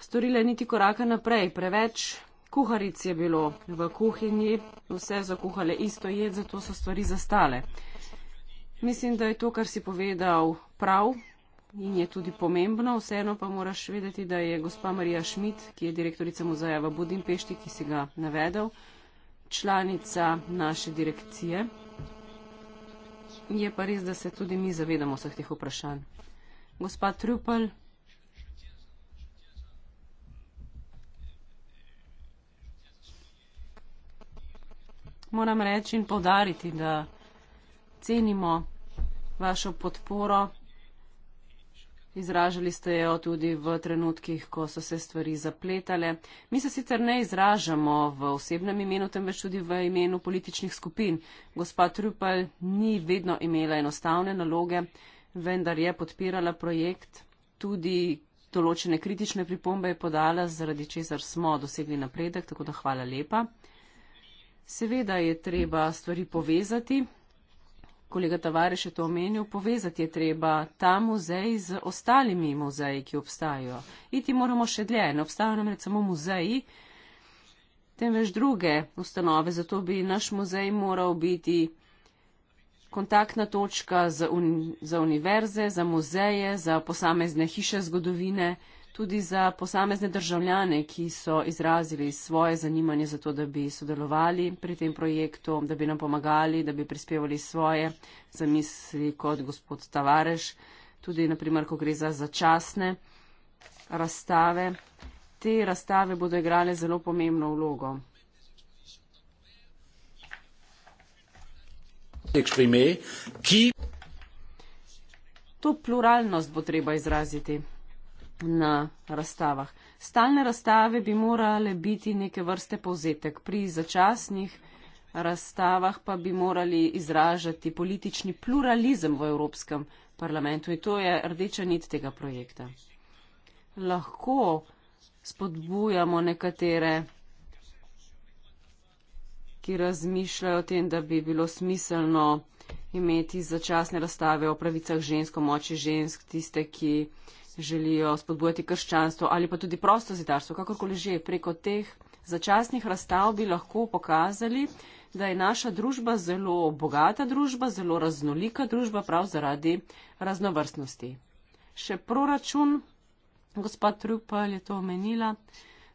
storile niti koraka naprej. Preveč kuharic je bilo v kuhinji, vse zakuhale isto jed, zato so stvari zastale. Mislim, da je to, kar si povedal, prav in je tudi pomembno. Vseeno pa moraš vedeti, da je gospa Marija Šmit, ki je direktorica muzeja v Budimpešti, ki si ga navedel, članica naše direkcije. Je pa res, da se tudi mi zavedamo vseh teh vprašanj. Gospa Trupel. Moram reči in povdariti, da cenimo vašo podporo. Izražali ste jo tudi v trenutkih, ko so se stvari zapletale. Mi se sicer ne izražamo v osebnem imenu, temveč tudi v imenu političnih skupin. Gospa Trupel ni vedno imela enostavne naloge, vendar je podpirala projekt. Tudi določene kritične pripombe je podala, zaradi česar smo dosegli napredek, tako da hvala lepa. Seveda je treba stvari povezati, kolega Tavares je to omenil, povezati je treba ta muzej z ostalimi muzeji, ki obstajajo. Iti moramo še dlje, ne obstajajo namreč samo muzeji, temveč druge ustanove, zato bi naš muzej moral biti kontaktna točka za, un, za univerze, za muzeje, za posamezne hiše zgodovine tudi za posamezne državljane, ki so izrazili svoje zanimanje za to, da bi sodelovali pri tem projektu, da bi nam pomagali, da bi prispevali svoje zamisli kot gospod Tavareš, tudi naprimer, ko gre za začasne razstave. Te razstave bodo igrale zelo pomembno vlogo. To pluralnost bo treba izraziti na razstavah. Stalne razstave bi morale biti neke vrste povzetek. Pri začasnih razstavah pa bi morali izražati politični pluralizem v Evropskem parlamentu in to je rdeča nit tega projekta. Lahko spodbujamo nekatere, ki razmišljajo o tem, da bi bilo smiselno imeti začasne razstave o pravicah žensk, o moči žensk, tiste, ki želijo spodbujati krščanstvo ali pa tudi prosto zidarstvo, kakorkoli že preko teh začasnih razstav bi lahko pokazali, da je naša družba zelo bogata družba, zelo raznolika družba prav zaradi raznovrstnosti. Še proračun, gospod Trupal je to omenila,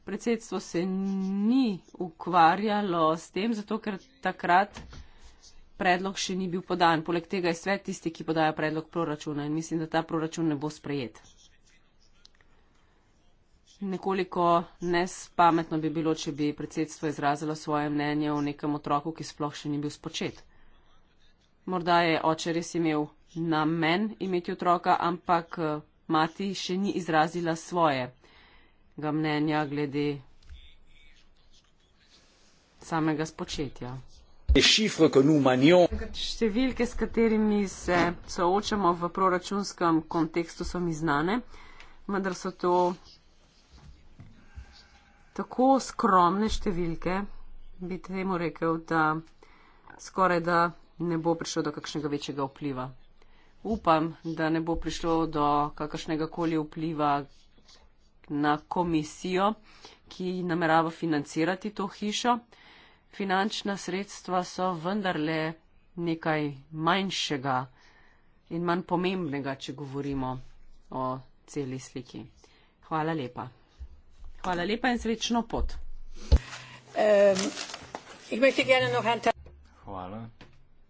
predsedstvo se ni ukvarjalo s tem, zato ker takrat predlog še ni bil podan. Poleg tega je svet tisti, ki podaja predlog proračuna in mislim, da ta proračun ne bo sprejet. Nekoliko nespametno bi bilo, če bi predsedstvo izrazilo svoje mnenje o nekem otroku, ki sploh še ni bil spočet. Morda je oče res imel namen imeti otroka, ampak eh, mati še ni izrazila svoje ga mnenja glede samega spočetja. Številke, s katerimi se soočamo v proračunskem kontekstu, so mi znane, vendar so to tako skromne številke, bi temu rekel, da skoraj da ne bo prišlo do kakšnega večjega vpliva. Upam, da ne bo prišlo do kakršnega koli vpliva na komisijo, ki namerava financirati to hišo. Finančna sredstva so vendarle nekaj manjšega in manj pomembnega, če govorimo o celi sliki. Hvala lepa. Hvala lepa in srečno pot. Ehm, Hvala,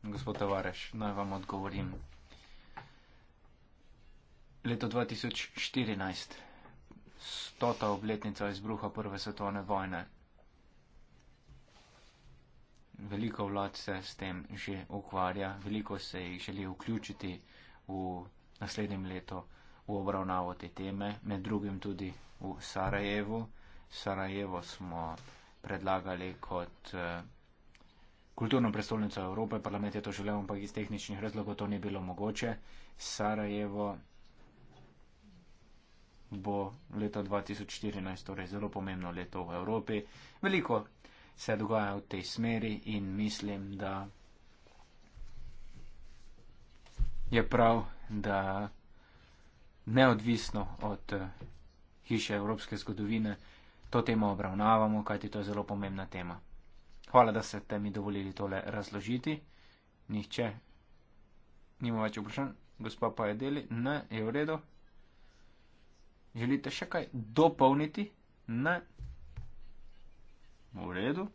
gospod Tavares. Naj vam odgovorim. Leto 2014, stota obletnica izbruha Prve svetovne vojne. Veliko vlad se s tem že ukvarja, veliko se jih želi vključiti v naslednjem letu v obravnavo te teme, med drugim tudi v Sarajevu. Sarajevo smo predlagali kot eh, kulturno prestolnico Evrope, parlament je to želel, ampak iz tehničnih razlogov to ni bilo mogoče. Sarajevo bo leto 2014, torej zelo pomembno leto v Evropi. Veliko se dogaja v tej smeri in mislim, da je prav, da neodvisno od eh, hiše evropske zgodovine, to temo obravnavamo, kajti to je zelo pomembna tema. Hvala, da ste mi dovolili tole razložiti. Nihče nima več vprašanj, gospa pa je deli, ne, je v redu. Želite še kaj dopolniti? Ne. V redu.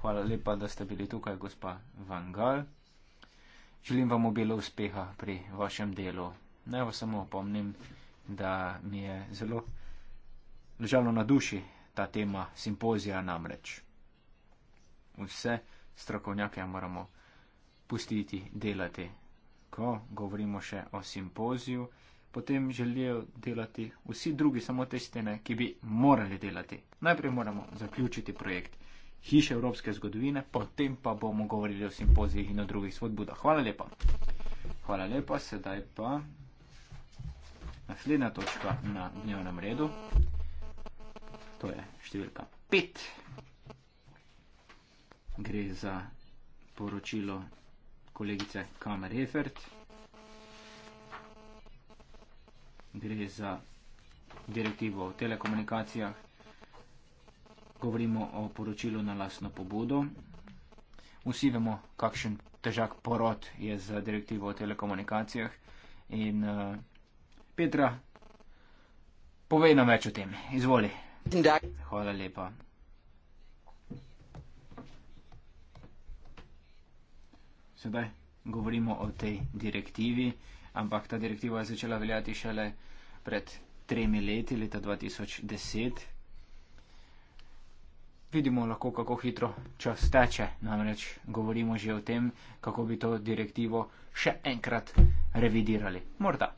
Hvala lepa, da ste bili tukaj, gospa Vangal. Želim vam obilo uspeha pri vašem delu. Naj vas samo opomnim da mi je zelo ležalo na duši ta tema simpozija namreč. Vse strokovnjake moramo pustiti delati. Ko govorimo še o simpoziju, potem želijo delati vsi drugi samo testene, ki bi morali delati. Najprej moramo zaključiti projekt Hiše Evropske zgodovine, potem pa bomo govorili o simpozijih in o drugih svobodah. Hvala lepa. Hvala lepa, sedaj pa Naslednja točka na dnevnem redu, to je številka 5, gre za poročilo kolegice Kamer Efert, gre za direktivo o telekomunikacijah, govorimo o poročilu na lasno pobudo. Vsi vemo, kakšen težak porod je z direktivo o telekomunikacijah in uh, Petra, povej nam več o tem. Izvoli. Da. Hvala lepa. Sedaj govorimo o tej direktivi, ampak ta direktiva je začela veljati šele pred tremi leti, leta 2010. Vidimo lahko, kako hitro čas teče, namreč govorimo že o tem, kako bi to direktivo še enkrat revidirali. Morda.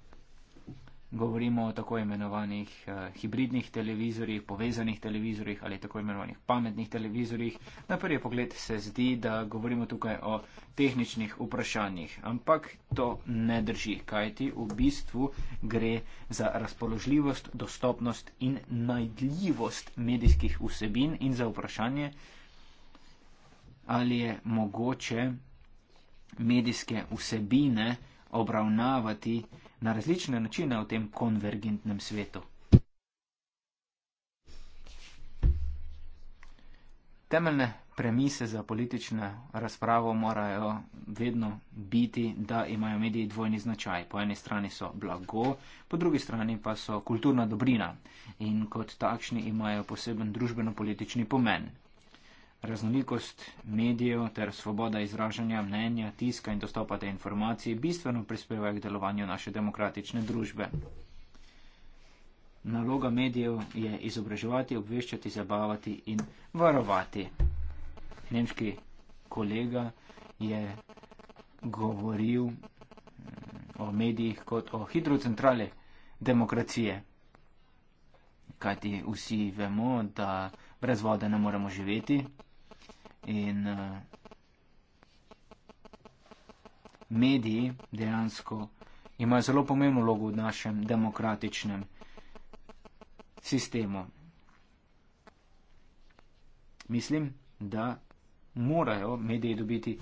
Govorimo o tako imenovanih eh, hibridnih televizorjih, povezanih televizorjih ali tako imenovanih pametnih televizorjih. Na prvi pogled se zdi, da govorimo tukaj o tehničnih vprašanjih, ampak to ne drži, kajti v bistvu gre za razpoložljivost, dostopnost in najdljivost medijskih vsebin in za vprašanje, ali je mogoče medijske vsebine obravnavati na različne načine v tem konvergentnem svetu. Temeljne premise za politično razpravo morajo vedno biti, da imajo mediji dvojni značaj. Po eni strani so blago, po drugi strani pa so kulturna dobrina in kot takšni imajo poseben družbeno-politični pomen raznolikost medijev ter svoboda izražanja mnenja, tiska in dostopa te informacije bistveno prispevajo k delovanju naše demokratične družbe. Naloga medijev je izobraževati, obveščati, zabavati in varovati. Nemški kolega je govoril mm, o medijih kot o hidrocentrale demokracije. Kajti vsi vemo, da brez vode ne moremo živeti in eh, mediji dejansko imajo zelo pomembno vlogo v našem demokratičnem sistemu. Mislim, da morajo mediji dobiti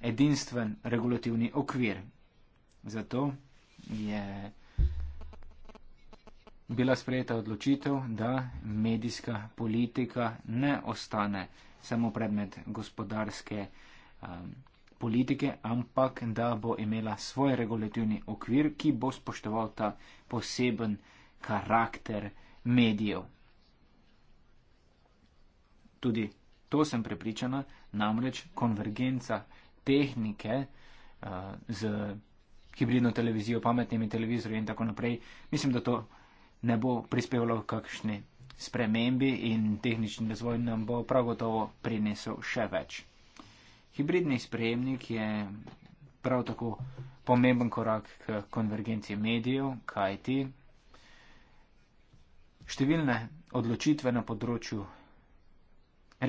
edinstven regulativni okvir. Zato je bila sprejeta odločitev, da medijska politika ne ostane samo predmet gospodarske um, politike, ampak da bo imela svoj regulativni okvir, ki bo spoštoval ta poseben karakter medijev. Tudi to sem prepričana, namreč konvergenca tehnike uh, z hibridno televizijo, pametnimi televizorji in tako naprej, mislim, da to ne bo prispevalo kakšne spremembi in tehnični razvoj nam bo prav gotovo prinesel še več. Hibridni sprejemnik je prav tako pomemben korak k konvergenci medijev, kaj ti številne odločitve na področju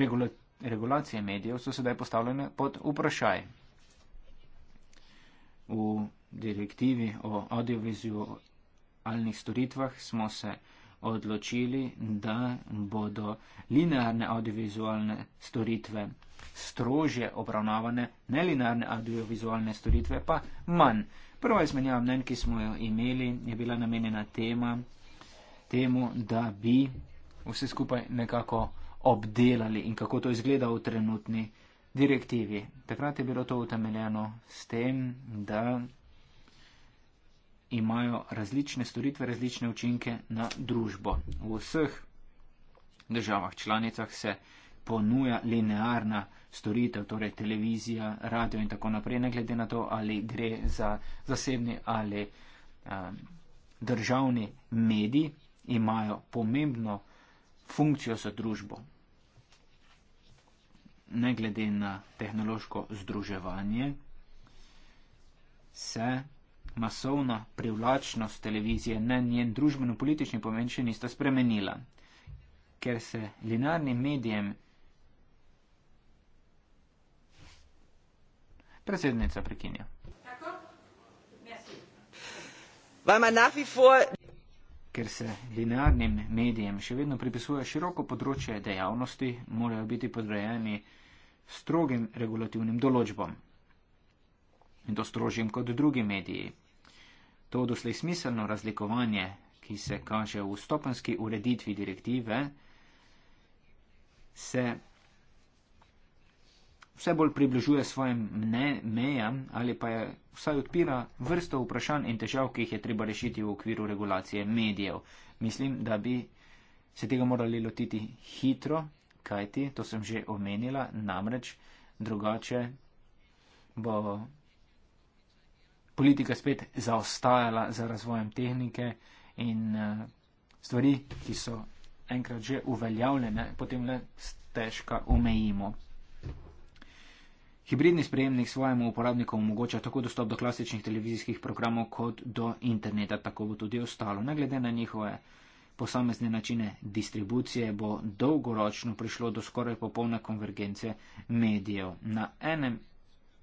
regula regulacije medijev so sedaj postavljene pod vprašaj. V direktivi o audiovizualnih storitvah smo se odločili, da bodo linearne audiovizualne storitve strožje obravnavane, nelinearne audiovizualne storitve pa manj. Prva izmenjava mnen, ki smo jo imeli, je bila namenjena tema, temu, da bi vse skupaj nekako obdelali in kako to izgleda v trenutni direktivi. Takrat je bilo to utemeljeno s tem, da imajo različne storitve različne učinke na družbo. V vseh državah članicah se ponuja linearna storitev, torej televizija, radio in tako naprej, ne glede na to, ali gre za zasebni ali um, državni mediji, imajo pomembno funkcijo za družbo. Ne glede na tehnološko združevanje, se masovna privlačnost televizije, ne njen družbeno-politični pomen še nista spremenila, ker se linarnim medijem predsednica prekinja. Ker se linearnim medijem še vedno pripisuje široko področje dejavnosti, morajo biti podrejeni strogim regulativnim določbam in to strožjem kot drugi mediji. To doslej smiselno razlikovanje, ki se kaže v stopenski ureditvi direktive, se vse bolj približuje svojim mne, mejam ali pa je vsaj odpira vrsto vprašanj in težav, ki jih je treba rešiti v okviru regulacije medijev. Mislim, da bi se tega morali lotiti hitro, kajti, to sem že omenila, namreč drugače bo politika spet zaostajala za razvojem tehnike in uh, stvari, ki so enkrat že uveljavljene, potem le težko omejimo. Hibridni sprejemnik svojemu uporabniku omogoča tako dostop do klasičnih televizijskih programov kot do interneta, tako bo tudi ostalo. Ne glede na njihove posamezne načine distribucije, bo dolgoročno prišlo do skoraj popolne konvergence medijev. Na enem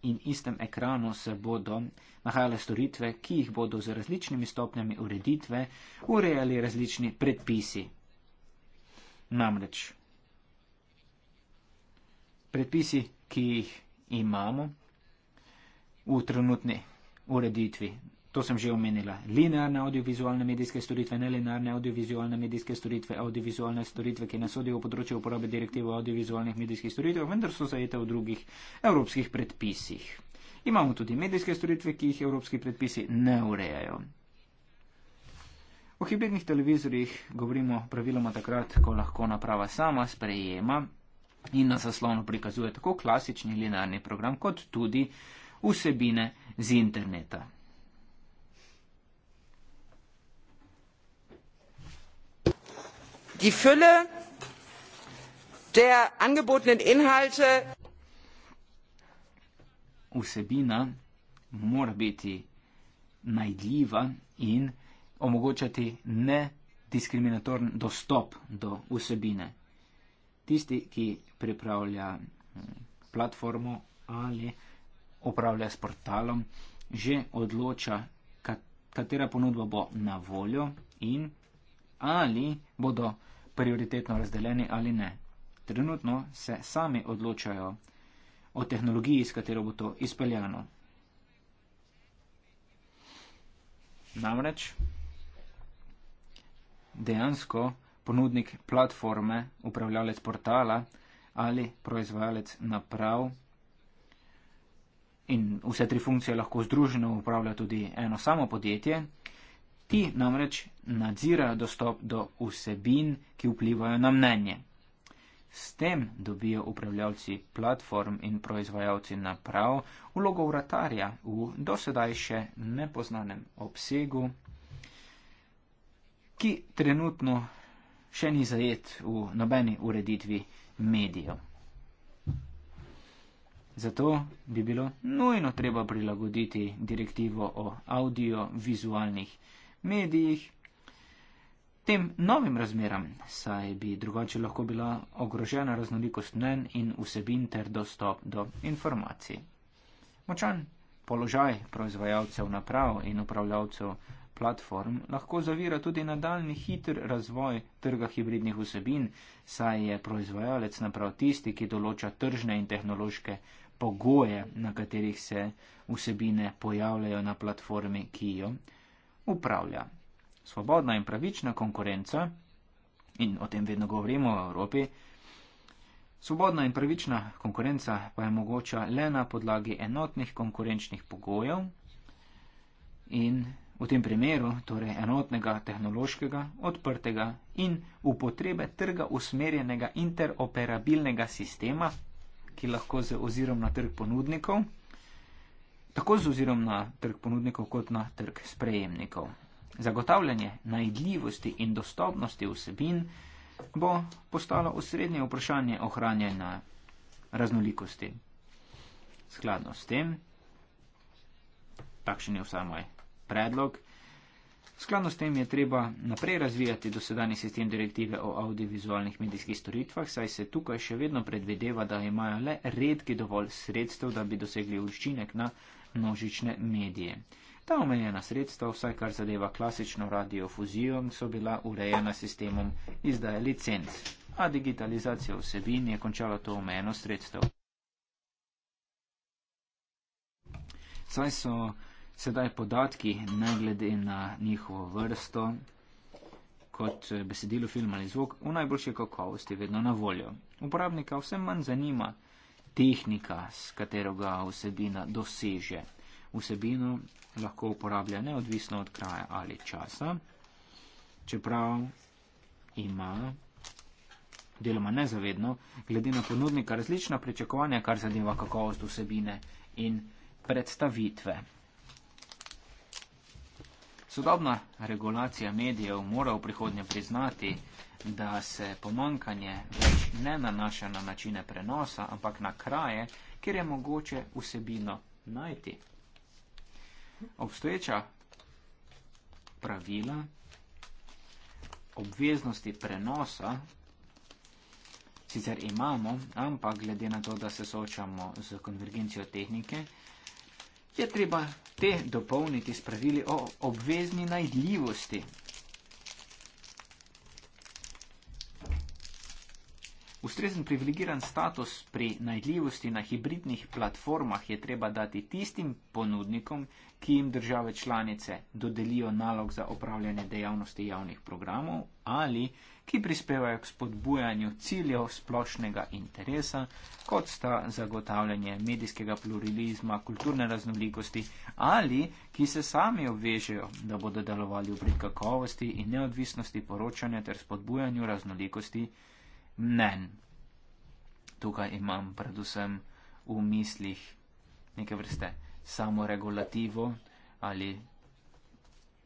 in istem ekranu se bodo nahajale storitve, ki jih bodo z različnimi stopnjami ureditve urejali različni predpisi. Namreč predpisi, ki jih imamo v trenutni ureditvi To sem že omenila. Linearne audiovizualne medijske storitve, nelinearne audiovizualne medijske storitve, audiovizualne storitve, ki nasodijo v področju uporabe direktive o audiovizualnih medijskih storitev, vendar so zajete v drugih evropskih predpisih. Imamo tudi medijske storitve, ki jih evropski predpisi ne urejajo. O hibridnih televizorjih govorimo praviloma takrat, ko lahko naprava sama sprejema in na zaslonu prikazuje tako klasični linearni program kot tudi vsebine z interneta. die fülle der angebotenen inhalte vsebina mora biti najdljiva in omogočati nediskriminatoren dostop do vsebine. Tisti, ki pripravlja hm, platformo ali upravlja s portalom, že odloča, katera ponudba bo na voljo in ali bodo prioritetno razdeljeni ali ne. Trenutno se sami odločajo o tehnologiji, s katero bo to izpeljano. Namreč dejansko ponudnik platforme, upravljalec portala ali proizvajalec naprav in vse tri funkcije lahko združeno upravlja tudi eno samo podjetje, Ti namreč nadzirajo dostop do vsebin, ki vplivajo na mnenje. S tem dobijo upravljavci platform in proizvajalci naprav vlogo vratarja v dosedaj še nepoznanem obsegu, ki trenutno še ni zajet v nobeni ureditvi medijev. Zato bi bilo nujno treba prilagoditi direktivo o audio-vizualnih medijev medijih, tem novim razmeram, saj bi drugače lahko bila ogrožena raznolikost mnen in vsebin ter dostop do informacij. Močan položaj proizvajalcev naprav in upravljavcev platform lahko zavira tudi nadaljni hiter razvoj trga hibridnih vsebin, saj je proizvajalec naprav tisti, ki določa tržne in tehnološke pogoje, na katerih se vsebine pojavljajo na platformi, ki jo upravlja. Svobodna in pravična konkurenca, in o tem vedno govorimo v Evropi, svobodna in pravična konkurenca pa je mogoča le na podlagi enotnih konkurenčnih pogojev in v tem primeru torej enotnega tehnološkega, odprtega in v potrebe trga usmerjenega interoperabilnega sistema, ki lahko z ozirom na trg ponudnikov tako z ozirom na trg ponudnikov, kot na trg sprejemnikov. Zagotavljanje najdljivosti in dostopnosti vsebin bo postalo osrednje vprašanje ohranjanja raznolikosti. Skladno s tem, takšen je vsaj moj predlog, skladno s tem je treba naprej razvijati dosedani sistem direktive o audiovizualnih medijskih storitvah, saj se tukaj še vedno predvideva, da imajo le redki dovolj sredstev, da bi dosegli učinek na množične medije. Ta omenjena sredstva, vsaj kar zadeva klasično radiofuzijo, so bila urejena sistemom izdaje licenc, a digitalizacija vsebin je končala to omenjeno sredstvo. Saj so sedaj podatki, ne glede na njihovo vrsto, kot besedilo film ali zvok, v najboljši kakovosti vedno na voljo. Uporabnika vse manj zanima, tehnika, s katero ga vsebina doseže. Vsebino lahko uporablja neodvisno od kraja ali časa, čeprav ima deloma nezavedno, glede na ponudnika, različna pričakovanja, kar zadeva kakovost vsebine in predstavitve. Sodobna regulacija medijev mora v prihodnje priznati, da se pomankanje več ne nanaša na načine prenosa, ampak na kraje, kjer je mogoče vsebino najti. Obstoječa pravila obveznosti prenosa sicer imamo, ampak glede na to, da se soočamo z konvergencijo tehnike, je treba te dopolniti s pravili o obvezni najdljivosti. Ustrezen privilegiran status pri najdljivosti na hibridnih platformah je treba dati tistim ponudnikom, ki jim države članice dodelijo nalog za opravljanje dejavnosti javnih programov ali ki prispevajo k spodbujanju ciljev splošnega interesa, kot sta zagotavljanje medijskega pluralizma, kulturne raznolikosti ali ki se sami obvežejo, da bodo delovali v prid kakovosti in neodvisnosti poročanja ter spodbujanju raznolikosti mnen. Tukaj imam predvsem v mislih neke vrste samoregulativo ali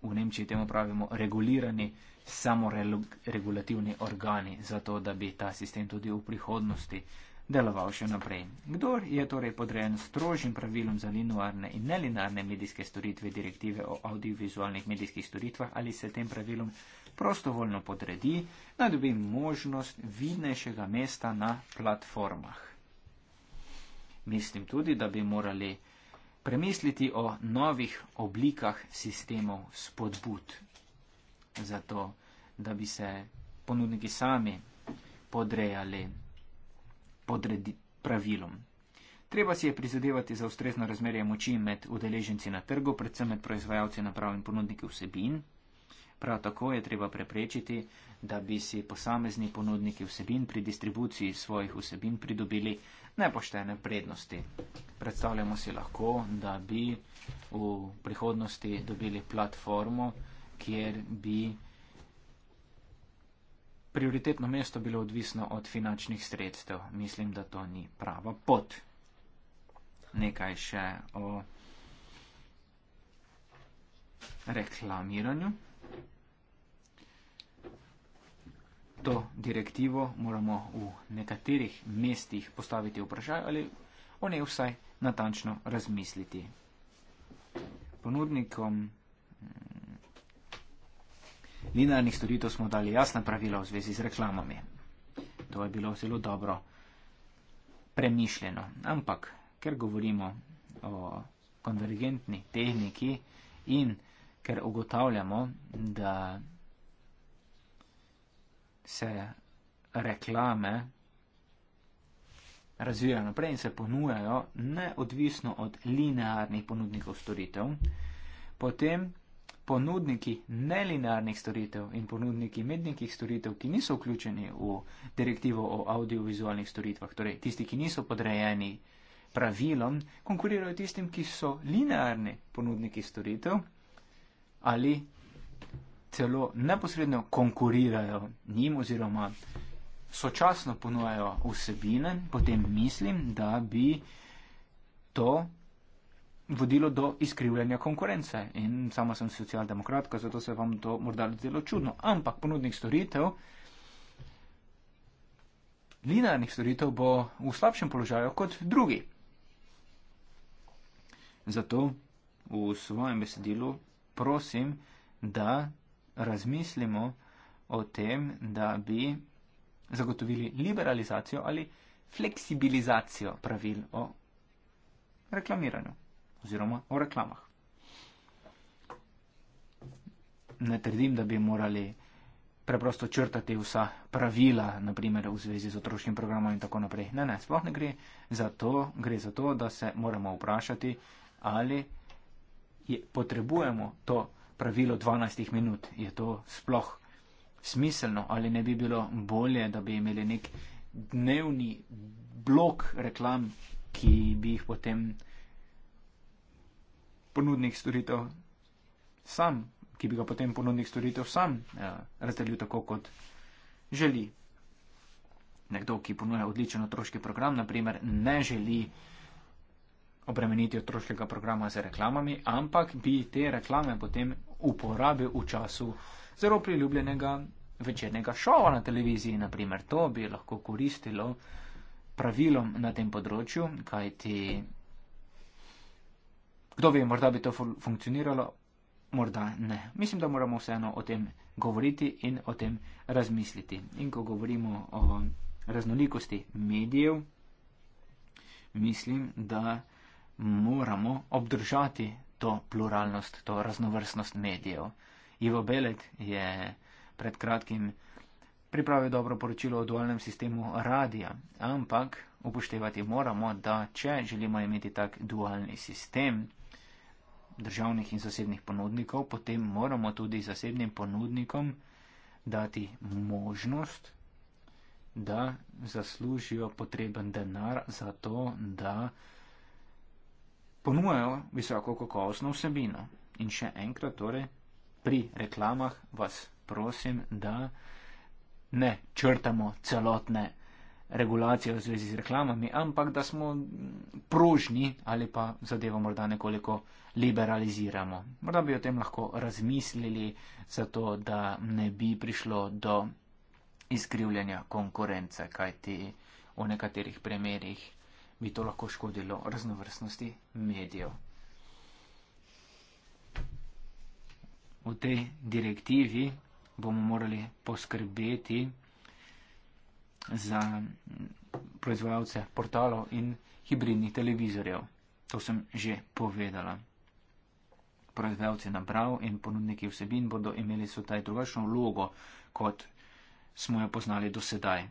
v Nemčiji temu pravimo regulirani samoregulativni organi, zato da bi ta sistem tudi v prihodnosti deloval še naprej. Kdor je torej podrejen strožim pravilom za linearne in nelinearne medijske storitve direktive o audiovizualnih medijskih storitvah ali se tem pravilom prostovoljno podredi, da dobi možnost vidnejšega mesta na platformah. Mislim tudi, da bi morali premisliti o novih oblikah sistemov spodbud, zato da bi se ponudniki sami podrejali pravilom. Treba si je prizadevati za ustrezno razmerje moči med udeleženci na trgu, predvsem med proizvajalci naprav in ponudniki vsebin, Prav tako je treba preprečiti, da bi si posamezni ponudniki vsebin pri distribuciji svojih vsebin pridobili nepoštene prednosti. Predstavljamo si lahko, da bi v prihodnosti dobili platformo, kjer bi prioritetno mesto bilo odvisno od finančnih sredstev. Mislim, da to ni prava pot. Nekaj še o reklamiranju. to direktivo moramo v nekaterih mestih postaviti vprašanje ali o njej vsaj natančno razmisliti. Ponudnikom mm, linearnih storitev smo dali jasna pravila v zvezi z reklamami. To je bilo zelo dobro premišljeno. Ampak, ker govorimo o konvergentni tehniki in ker ugotavljamo, da se reklame razvijajo naprej in se ponujajo neodvisno od linearnih ponudnikov storitev, potem ponudniki nelinearnih storitev in ponudniki mednikih storitev, ki niso vključeni v direktivo o audiovizualnih storitvah, torej tisti, ki niso podrejeni pravilom, konkurirajo tistim, ki so linearni ponudniki storitev ali celo neposredno konkurirajo njim oziroma sočasno ponujajo vsebine, potem mislim, da bi to vodilo do izkrivljanja konkurence. In sama sem socialdemokratka, zato se vam to morda zdelo čudno. Ampak ponudnik storitev, linearnih storitev bo v slabšem položaju kot drugi. Zato v svojem besedilu prosim, da razmislimo o tem, da bi zagotovili liberalizacijo ali fleksibilizacijo pravil o reklamiranju oziroma o reklamah. Ne trdim, da bi morali preprosto črtati vsa pravila, naprimer v zvezi z otroškim programom in tako naprej. Ne, ne, sploh ne gre za to, gre za to, da se moramo vprašati, ali je, potrebujemo to pravilo 12 minut. Je to sploh smiselno ali ne bi bilo bolje, da bi imeli nek dnevni blok reklam, ki bi jih potem ponudnik storitev sam, ki bi ga potem ponudnik storitev sam eh, razdelil tako, kot želi. Nekdo, ki ponuja odličen otroški program, naprimer, ne želi obremeniti otroškega programa z reklamami, ampak bi te reklame potem uporabe v času zelo priljubljenega večernega šova na televiziji. Naprimer, to bi lahko koristilo pravilom na tem področju, kajti kdo ve, morda bi to funkcioniralo, morda ne. Mislim, da moramo vseeno o tem govoriti in o tem razmisliti. In ko govorimo o raznolikosti medijev, mislim, da moramo obdržati to pluralnost, to raznovrstnost medijev. Ivo Belek je pred kratkim pripravil dobro poročilo o dualnem sistemu radija, ampak upoštevati moramo, da če želimo imeti tak dualni sistem državnih in zasebnih ponudnikov, potem moramo tudi zasebnim ponudnikom dati možnost, da zaslužijo potreben denar za to, da ponujajo visoko kakovostno vsebino. In še enkrat, torej, pri reklamah vas prosim, da ne črtamo celotne regulacije v zvezi z reklamami, ampak da smo prožni ali pa zadevo morda nekoliko liberaliziramo. Morda bi o tem lahko razmislili, zato da ne bi prišlo do izkrivljanja konkurence, kajti v nekaterih primerjih bi to lahko škodilo raznovrstnosti medijev. V tej direktivi bomo morali poskrbeti za proizvajalce portalov in hibridnih televizorjev. To sem že povedala. Proizvajalci nabrav in ponudniki vsebin bodo imeli so taj drugačno vlogo, kot smo jo poznali do sedaj.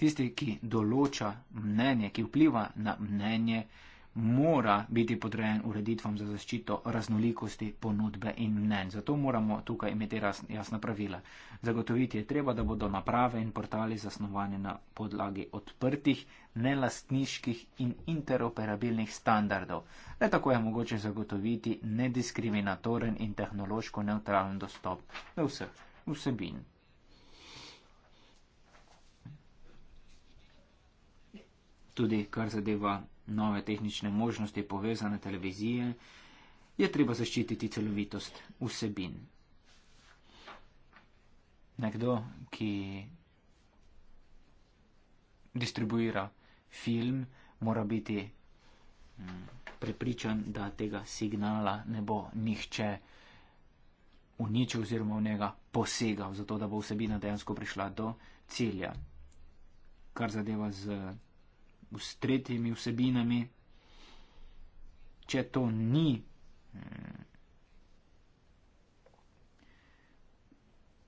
tisti, ki določa mnenje, ki vpliva na mnenje, mora biti podrejen ureditvam za zaščito raznolikosti ponudbe in mnen. Zato moramo tukaj imeti jasna pravila. Zagotoviti je treba, da bodo naprave in portali zasnovane na podlagi odprtih, nelastniških in interoperabilnih standardov. Le tako je mogoče zagotoviti nediskriminatoren in tehnološko neutralen dostop do vseh vsebin. tudi kar zadeva nove tehnične možnosti povezane televizije, je treba zaščititi celovitost vsebin. Nekdo, ki distribuira film, mora biti mm, prepričan, da tega signala ne bo nihče uničil oziroma v njega posegal, zato da bo vsebina dejansko prišla do cilja. Kar zadeva z s tretjimi vsebinami, če to ni eh,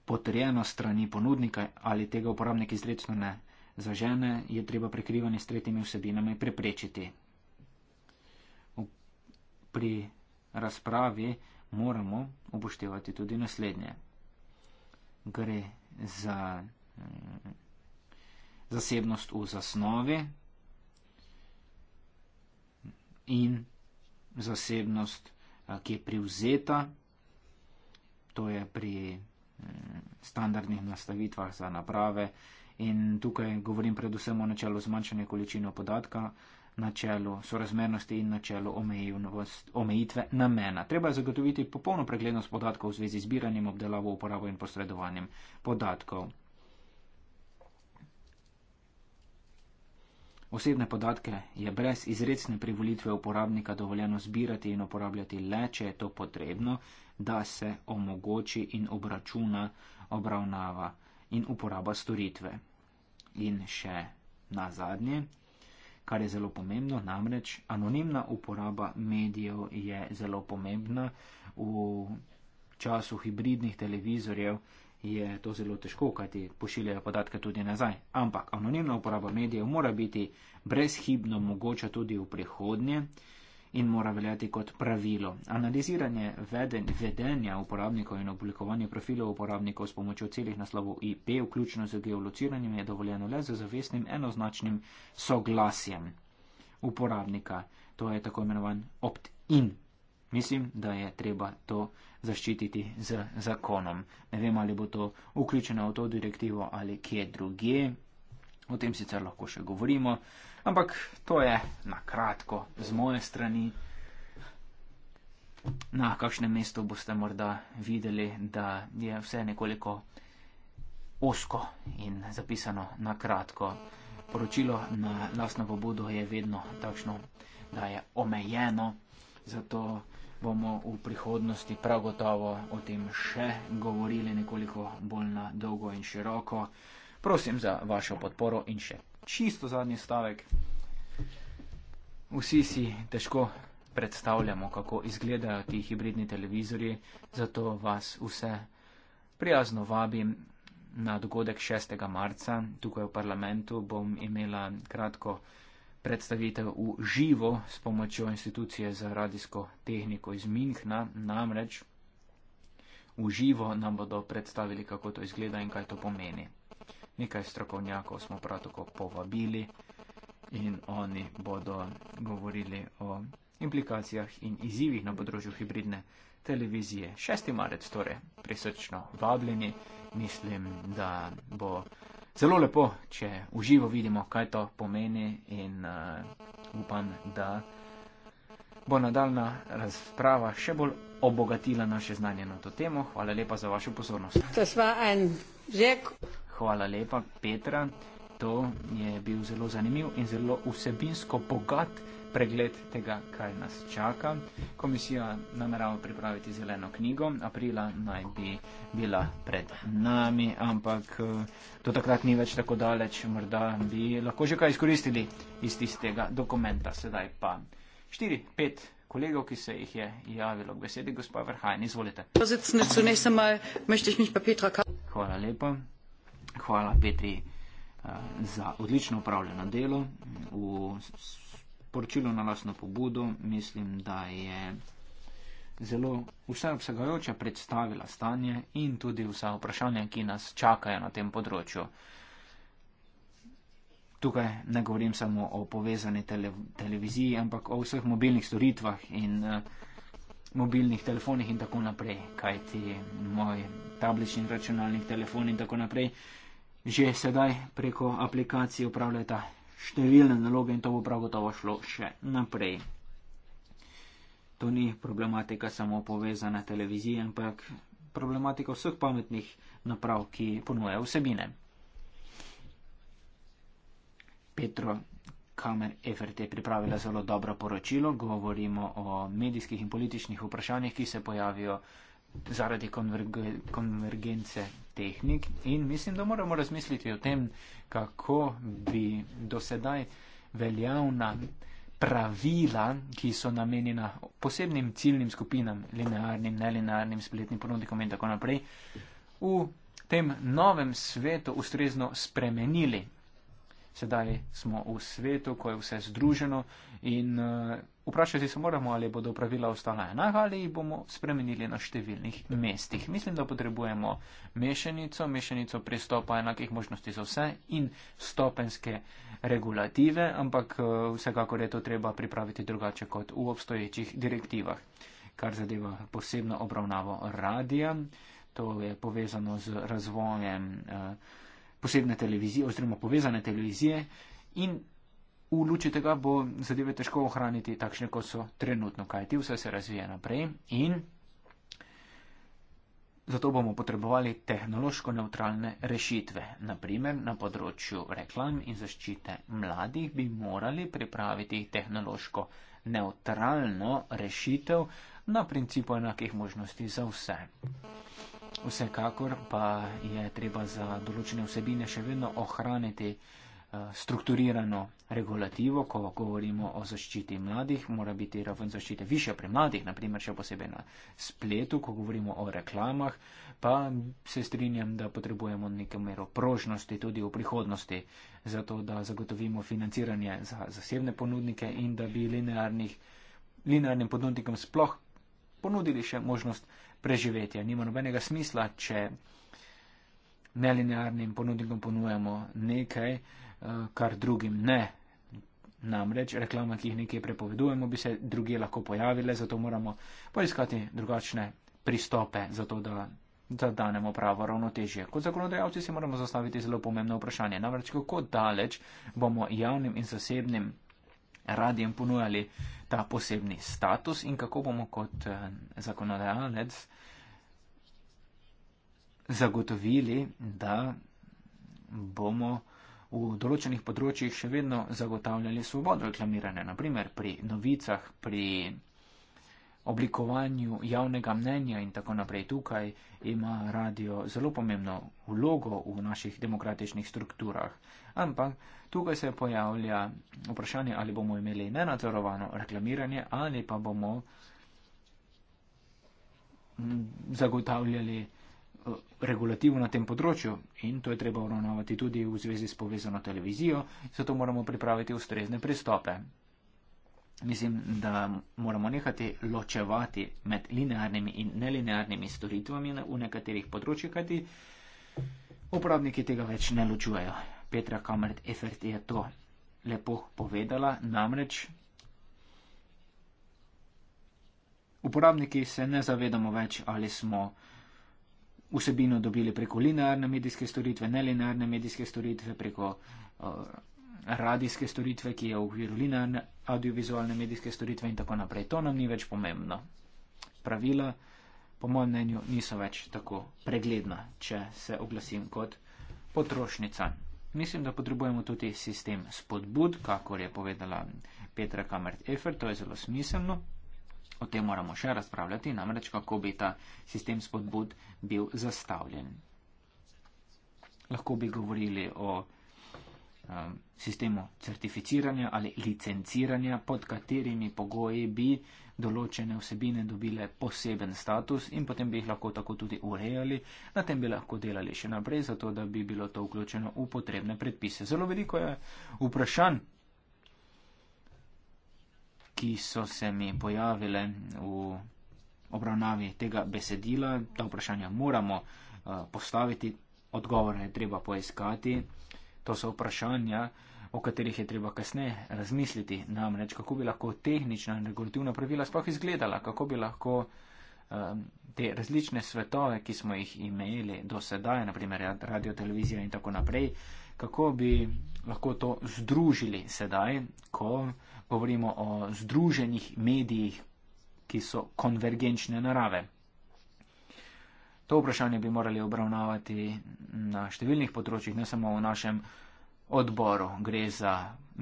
potrjeno strani ponudnika ali tega uporabnika izrecno ne zažene, je treba prekrivanje s tretjimi vsebinami preprečiti. Pri razpravi moramo upoštevati tudi naslednje. Gre za eh, zasebnost v zasnovi, in zasebnost, ki je privzeta, to je pri mm, standardnih nastavitvah za naprave. In tukaj govorim predvsem o načelu zmanjšanja količine podatka, načelu sorazmernosti in načelu omejitve namena. Treba je zagotoviti popolno preglednost podatkov v zvezi z zbiranjem, obdelavo, uporabo in posredovanjem podatkov. Osebne podatke je brez izredne privolitve uporabnika dovoljeno zbirati in uporabljati le, če je to potrebno, da se omogoči in obračuna obravnava in uporaba storitve. In še na zadnje, kar je zelo pomembno, namreč anonimna uporaba medijev je zelo pomembna v času hibridnih televizorjev, je to zelo težko, kajti pošiljajo podatke tudi nazaj. Ampak anonimna uporaba medijev mora biti brezhibno mogoča tudi v prihodnje in mora veljati kot pravilo. Analiziranje veden, vedenja uporabnikov in oblikovanje profilov uporabnikov s pomočjo celih naslovov IP, vključno z geolociranjem, je dovoljeno le z zavestnim enoznačnim soglasjem uporabnika. To je tako imenovan opt-in Mislim, da je treba to zaščititi z zakonom. Ne vem, ali bo to vključeno v to direktivo ali kje druge, o tem sicer lahko še govorimo, ampak to je na kratko z moje strani. Na kakšnem mestu boste morda videli, da je vse nekoliko osko in zapisano na kratko. Poročilo na lastno pobudo je vedno takšno, da je omejeno, zato bomo v prihodnosti prav gotovo o tem še govorili nekoliko bolj na dolgo in široko. Prosim za vašo podporo in še čisto zadnji stavek. Vsi si težko predstavljamo, kako izgledajo ti hibridni televizori, zato vas vse prijazno vabim na dogodek 6. marca. Tukaj v parlamentu bom imela kratko predstavitev v živo s pomočjo institucije za radijsko tehniko iz Minhna, namreč v živo nam bodo predstavili, kako to izgleda in kaj to pomeni. Nekaj strokovnjakov smo prav tako povabili in oni bodo govorili o implikacijah in izzivih na področju hibridne televizije. 6. marec torej, prisrčno vabljeni, mislim, da bo zelo lepo, če uživo vidimo, kaj to pomeni in uh, upam, da bo nadaljna razprava še bolj obogatila naše znanje na to temo. Hvala lepa za vašo pozornost. Hvala lepa, Petra. To je bil zelo zanimiv in zelo vsebinsko bogat pregled tega, kaj nas čaka. Komisija namerava pripraviti zeleno knjigo, aprila naj bi bila pred nami, ampak eh, do takrat ni več tako daleč, morda bi lahko že kaj izkoristili iz tistega dokumenta. Sedaj pa štiri, pet. Kollege, ki se jih je javilo k besedi, gospod Verhajn, izvolite. Hvala lepa. Hvala Petri uh, za odlično upravljeno delo v poročilo na lasno pobudo, mislim, da je zelo vse obsegajoče predstavila stanje in tudi vsa vprašanja, ki nas čakajo na tem področju. Tukaj ne govorim samo o povezani tele, televiziji, ampak o vseh mobilnih storitvah in eh, mobilnih telefonih in tako naprej, kajti moj tablični računalnik, telefon in tako naprej že sedaj preko aplikacij upravljajo ta številne naloge in to bo prav gotovo šlo še naprej. To ni problematika samo povezana televizije, ampak problematika vseh pametnih naprav, ki ponujajo vsebine. Petro Kamer Efert je pripravila zelo dobro poročilo, govorimo o medijskih in političnih vprašanjih, ki se pojavijo zaradi konverge, konvergence tehnik in mislim, da moramo razmisliti o tem, kako bi dosedaj veljavna pravila, ki so namenjena posebnim ciljnim skupinam, linearnim, nelinearnim, spletnim ponudnikom in tako naprej, v tem novem svetu ustrezno spremenili sedaj smo v svetu, ko je vse združeno in uh, vprašati se moramo, ali bodo pravila ostala enaka ali jih bomo spremenili na številnih mestih. Mislim, da potrebujemo mešanico, mešanico pristopa enakih možnosti za vse in stopenske regulative, ampak uh, vsekakor je to treba pripraviti drugače kot v obstoječih direktivah, kar zadeva posebno obravnavo radija. To je povezano z razvojem. Uh, posebne televizije oziroma povezane televizije in v luči tega bo zadeve težko ohraniti takšne, kot so trenutno, kajti vse se razvija naprej in zato bomo potrebovali tehnološko neutralne rešitve. Naprimer, na področju reklam in zaščite mladih bi morali pripraviti tehnološko neutralno rešitev na principu enakih možnosti za vse. Vsekakor pa je treba za določene vsebine še vedno ohraniti eh, strukturirano regulativo, ko govorimo o zaščiti mladih, mora biti raven zaščite više pri mladih, naprimer še posebej na spletu, ko govorimo o reklamah, pa se strinjam, da potrebujemo neke mero prožnosti tudi v prihodnosti, zato da zagotovimo financiranje za zasebne ponudnike in da bi linearnim ponudnikom sploh ponudili še možnost preživetja. Nima nobenega smisla, če nelinearnim ponudnikom ponujamo nekaj, eh, kar drugim ne. Namreč reklama, ki jih nekje prepovedujemo, bi se druge lahko pojavile, zato moramo poiskati drugačne pristope, zato da, da danemo pravo ravnotežje. Kot zakonodajalci se moramo zastaviti zelo pomembno vprašanje, namreč kako daleč bomo javnim in zasebnim radi jim ponujali ta posebni status in kako bomo kot eh, zakonodajalec zagotovili, da bomo v določenih področjih še vedno zagotavljali svobodo reklamiranja, naprimer pri novicah, pri oblikovanju javnega mnenja in tako naprej. Tukaj ima radio zelo pomembno vlogo v naših demokratičnih strukturah. Ampak tukaj se pojavlja vprašanje, ali bomo imeli nenadzorovano reklamiranje ali pa bomo mm, zagotavljali eh, regulativo na tem področju in to je treba uravnavati tudi v zvezi s povezano televizijo, zato moramo pripraviti ustrezne pristope. Mislim, da moramo nehati ločevati med linearnimi in nelinearnimi storitvami v nekaterih področjih, kajti uporabniki tega več ne ločujejo. Petra Kamert Efert je to lepo povedala, namreč uporabniki se ne zavedamo več, ali smo vsebino dobili preko linearne medijske storitve, nelinearne medijske storitve, preko. Uh, Radijske storitve, ki je v okviru linearne audiovizualne medijske storitve in tako naprej. To nam ni več pomembno. Pravila, po mojem mnenju, niso več tako pregledna, če se oglasim kot potrošnica. Mislim, da potrebujemo tudi sistem spodbud, kakor je povedala Petra Kamert-Efer, to je zelo smiselno. O tem moramo še razpravljati, namreč kako bi ta sistem spodbud bil zastavljen. Lahko bi govorili o um, sistemu certificiranja ali licenciranja, pod katerimi pogoji bi določene vsebine dobile poseben status in potem bi jih lahko tako tudi urejali. Na tem bi lahko delali še naprej, zato da bi bilo to vključeno v potrebne predpise. Zelo veliko je vprašanj, ki so se mi pojavile v obravnavi tega besedila. Ta vprašanja moramo uh, postaviti, odgovore je treba poiskati. To so vprašanja, o katerih je treba kasneje razmisliti. Namreč, kako bi lahko tehnična in regulativna pravila sploh izgledala, kako bi lahko um, te različne svetove, ki smo jih imeli do sedaj, naprimer radio, televizija in tako naprej, kako bi lahko to združili sedaj, ko govorimo o združenih medijih, ki so konvergenčne narave. To vprašanje bi morali obravnavati na številnih področjih, ne samo v našem odboru. Gre za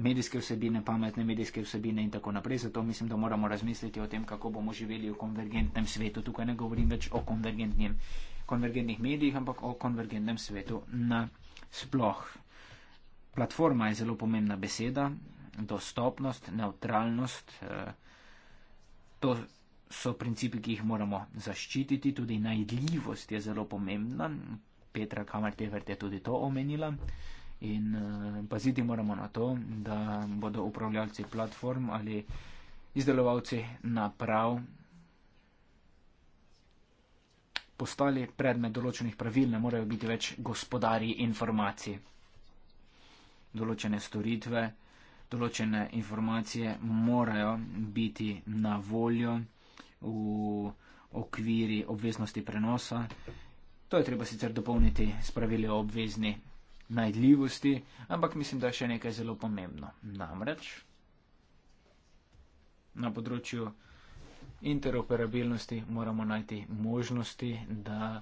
medijske vsebine, pametne medijske vsebine in tako naprej. Zato mislim, da moramo razmisliti o tem, kako bomo živeli v konvergentnem svetu. Tukaj ne govorim več o konvergentnih medijih, ampak o konvergentnem svetu na sploh. Platforma je zelo pomembna beseda, dostopnost, neutralnost. Eh, to so principi, ki jih moramo zaščititi, tudi najdljivost je zelo pomembna. Petra Kamartevert je tudi to omenila. In uh, paziti moramo na to, da bodo upravljalci platform ali izdelovalci naprav postali predmet določenih pravil, ne morejo biti več gospodari informacij. Določene storitve, določene informacije morajo biti na voljo v okviri obveznosti prenosa. To je treba sicer dopolniti s pravili o obvezni najdljivosti, ampak mislim, da je še nekaj zelo pomembno. Namreč na področju interoperabilnosti moramo najti možnosti, da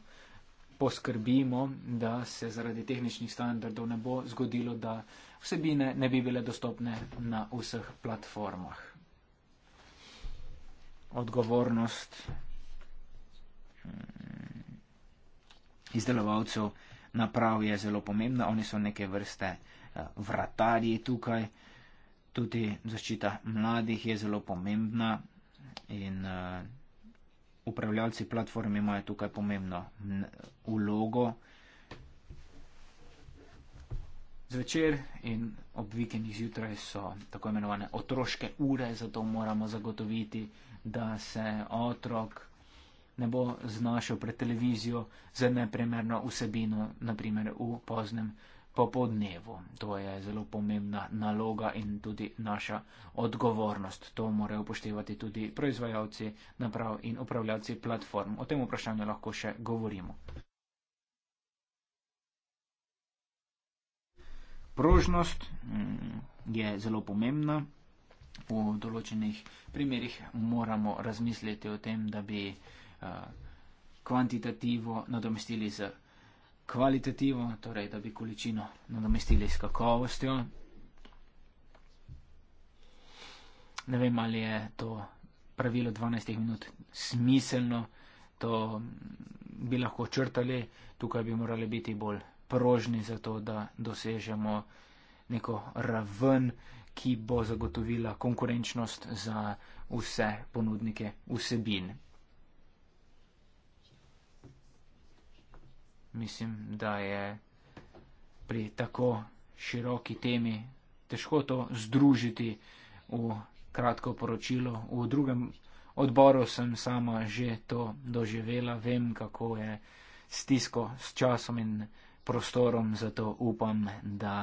poskrbimo, da se zaradi tehničnih standardov ne bo zgodilo, da vsebine ne bi bile dostopne na vseh platformah odgovornost mm, izdelovalcev naprav je zelo pomembna. Oni so neke vrste eh, vratarji tukaj. Tudi zaščita mladih je zelo pomembna in eh, upravljalci platform imajo tukaj pomembno ulogo. Zvečer in ob vikendih zjutraj so tako imenovane otroške ure, zato moramo zagotoviti da se otrok ne bo znašel pred televizijo za nepremerno vsebino, naprimer v poznem popodnevu. To je zelo pomembna naloga in tudi naša odgovornost. To morajo upoštevati tudi proizvajalci naprav in upravljalci platform. O tem vprašanju lahko še govorimo. Prožnost mm, je zelo pomembna v določenih primerjih moramo razmisliti o tem, da bi eh, kvantitativo nadomestili z kvalitativo, torej da bi količino nadomestili s kakovostjo. Ne vem, ali je to pravilo 12 minut smiselno, to mm, bi lahko črtali, tukaj bi morali biti bolj prožni za to, da dosežemo neko raven, ki bo zagotovila konkurenčnost za vse ponudnike vsebin. Mislim, da je pri tako široki temi težko to združiti v kratko poročilo. V drugem odboru sem sama že to doživela, vem, kako je stisko s časom in prostorom, zato upam, da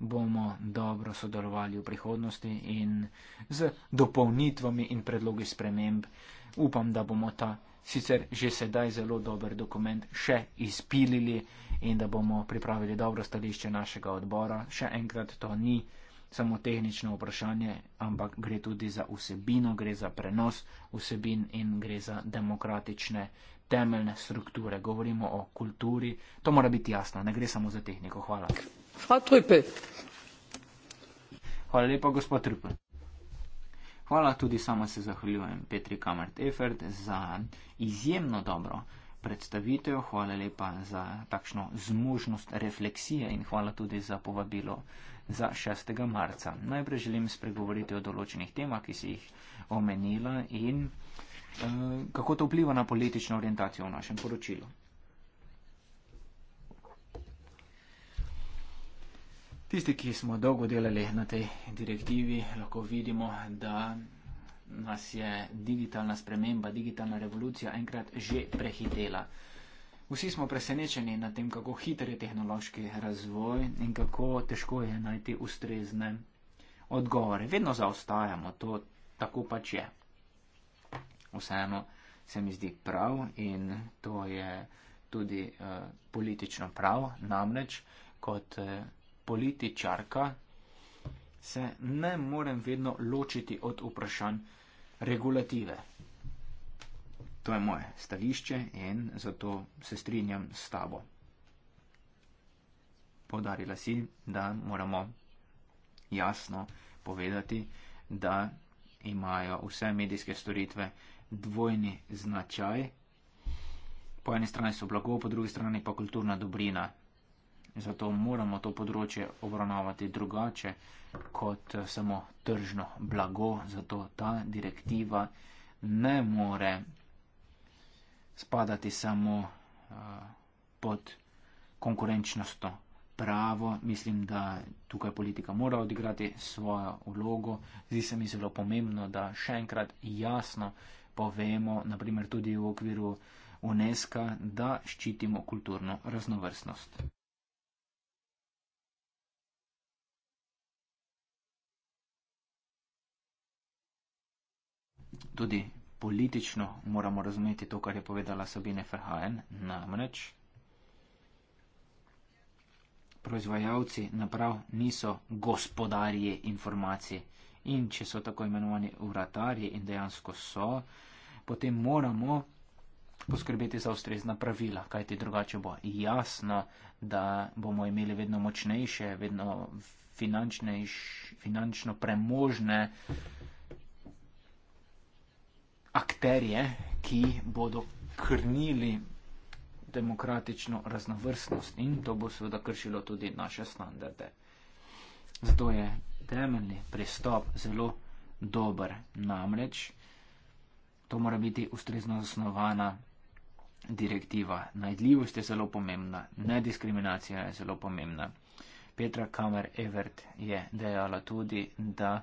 bomo dobro sodelovali v prihodnosti in z dopolnitvami in predlogi sprememb. Upam, da bomo ta sicer že sedaj zelo dober dokument še izpilili in da bomo pripravili dobro stališče našega odbora. Še enkrat, to ni samo tehnično vprašanje, ampak gre tudi za vsebino, gre za prenos vsebin in gre za demokratične temeljne strukture. Govorimo o kulturi, to mora biti jasno, ne gre samo za tehniko. Hvala. Hvala lepa, gospod Trupel. Hvala tudi sama se zahvaljujem Petri Kamert-Efert za izjemno dobro predstavitev. Hvala lepa za takšno zmožnost refleksije in hvala tudi za povabilo za 6. marca. Najprej želim spregovoriti o določenih temah, ki si jih omenila in eh, kako to vpliva na politično orientacijo v našem poročilu. Tisti, ki smo dolgo delali na tej direktivi, lahko vidimo, da nas je digitalna sprememba, digitalna revolucija enkrat že prehitela. Vsi smo presenečeni nad tem, kako hiter je tehnološki razvoj in kako težko je najti ustrezne odgovore. Vedno zaostajamo, to tako pač je. Vseeno se mi zdi prav in to je tudi uh, politično prav, namreč kot. Uh, političarka, se ne morem vedno ločiti od vprašanj regulative. To je moje stališče in zato se strinjam s tabo. Podarila si, da moramo jasno povedati, da imajo vse medijske storitve dvojni značaj. Po eni strani so blago, po drugi strani pa kulturna dobrina. Zato moramo to področje obravnavati drugače kot samo tržno blago. Zato ta direktiva ne more spadati samo eh, pod konkurenčnostno pravo. Mislim, da tukaj politika mora odigrati svojo vlogo. Zdi se mi zelo pomembno, da še enkrat jasno povemo, naprimer tudi v okviru UNESCO, da ščitimo kulturno raznovrstnost. tudi politično moramo razumeti to, kar je povedala Sabine Ferhajen, namreč proizvajalci naprav niso gospodarji informacij in če so tako imenovani uratarji in dejansko so, potem moramo poskrbeti za ustrezna pravila, kajti drugače bo jasno, da bomo imeli vedno močnejše, vedno finančno premožne akterje, ki bodo krnili demokratično raznovrstnost in to bo seveda kršilo tudi naše standarde. Zato je temeljni pristop zelo dober. Namreč to mora biti ustrezno zasnovana direktiva. Najdljivost je zelo pomembna, nediskriminacija je zelo pomembna. Petra Kamer Evert je dejala tudi, da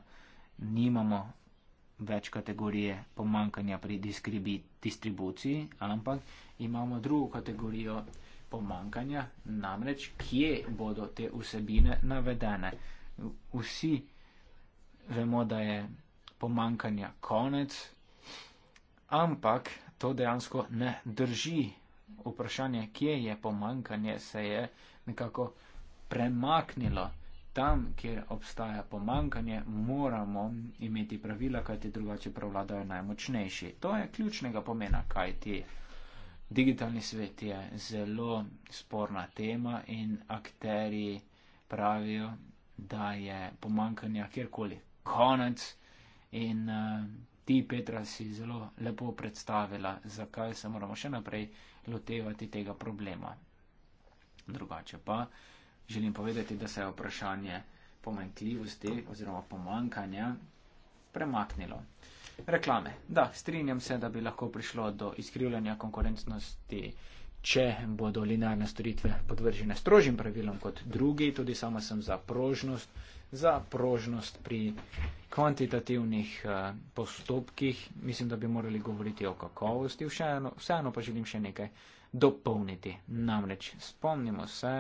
nimamo več kategorije pomankanja pri distribuciji, ampak imamo drugo kategorijo pomankanja, namreč kje bodo te vsebine navedene. Vsi vemo, da je pomankanja konec, ampak to dejansko ne drži. Vprašanje, kje je pomankanje, se je nekako premaknilo tam, kjer obstaja pomankanje, moramo imeti pravila, kajti drugače prevladajo najmočnejši. To je ključnega pomena, kajti digitalni svet je zelo sporna tema in akteri pravijo, da je pomankanja kjerkoli konec in uh, ti Petra si zelo lepo predstavila, zakaj se moramo še naprej lotevati tega problema. Drugače pa želim povedati, da se je vprašanje pomankljivosti oziroma pomankanja premaknilo. Reklame. Da, strinjam se, da bi lahko prišlo do izkrivljanja konkurenčnosti, če bodo linearne storitve podvržene strožjim pravilom kot drugi. Tudi sama sem za prožnost, za prožnost pri kvantitativnih uh, postopkih. Mislim, da bi morali govoriti o kakovosti. Vseeno, vseeno pa želim še nekaj dopolniti. Namreč spomnimo se,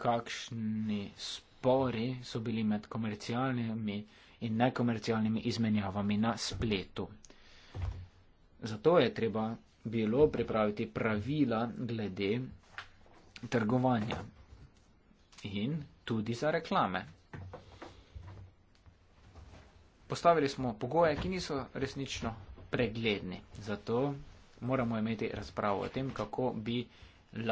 kakšni spori so bili med komercialnimi in nekomercialnimi izmenjavami na spletu. Zato je treba bilo pripraviti pravila glede trgovanja in tudi za reklame. Postavili smo pogoje, ki niso resnično pregledni. Zato moramo imeti razpravo o tem, kako bi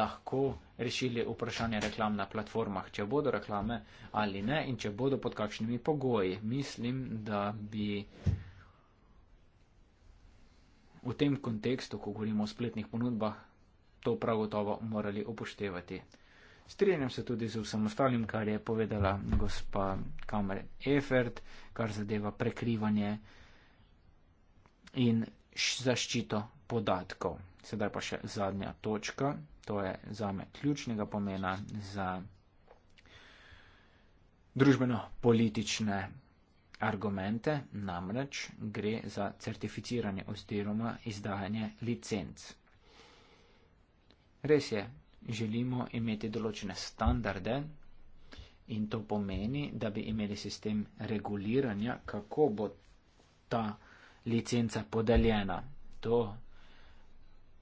lahko rešili vprašanje reklam na platformah, če bodo reklame ali ne in če bodo pod kakšnimi pogoji. Mislim, da bi v tem kontekstu, ko govorimo o spletnih ponudbah, to prav gotovo morali upoštevati. Strenjam se tudi z vsem ostalim, kar je povedala gospa Kamer Efert, kar zadeva prekrivanje in zaščito podatkov. Sedaj pa še zadnja točka to je zame ključnega pomena za družbeno-politične argumente, namreč gre za certificiranje oziroma izdajanje licenc. Res je, želimo imeti določene standarde in to pomeni, da bi imeli sistem reguliranja, kako bo ta licenca podeljena. To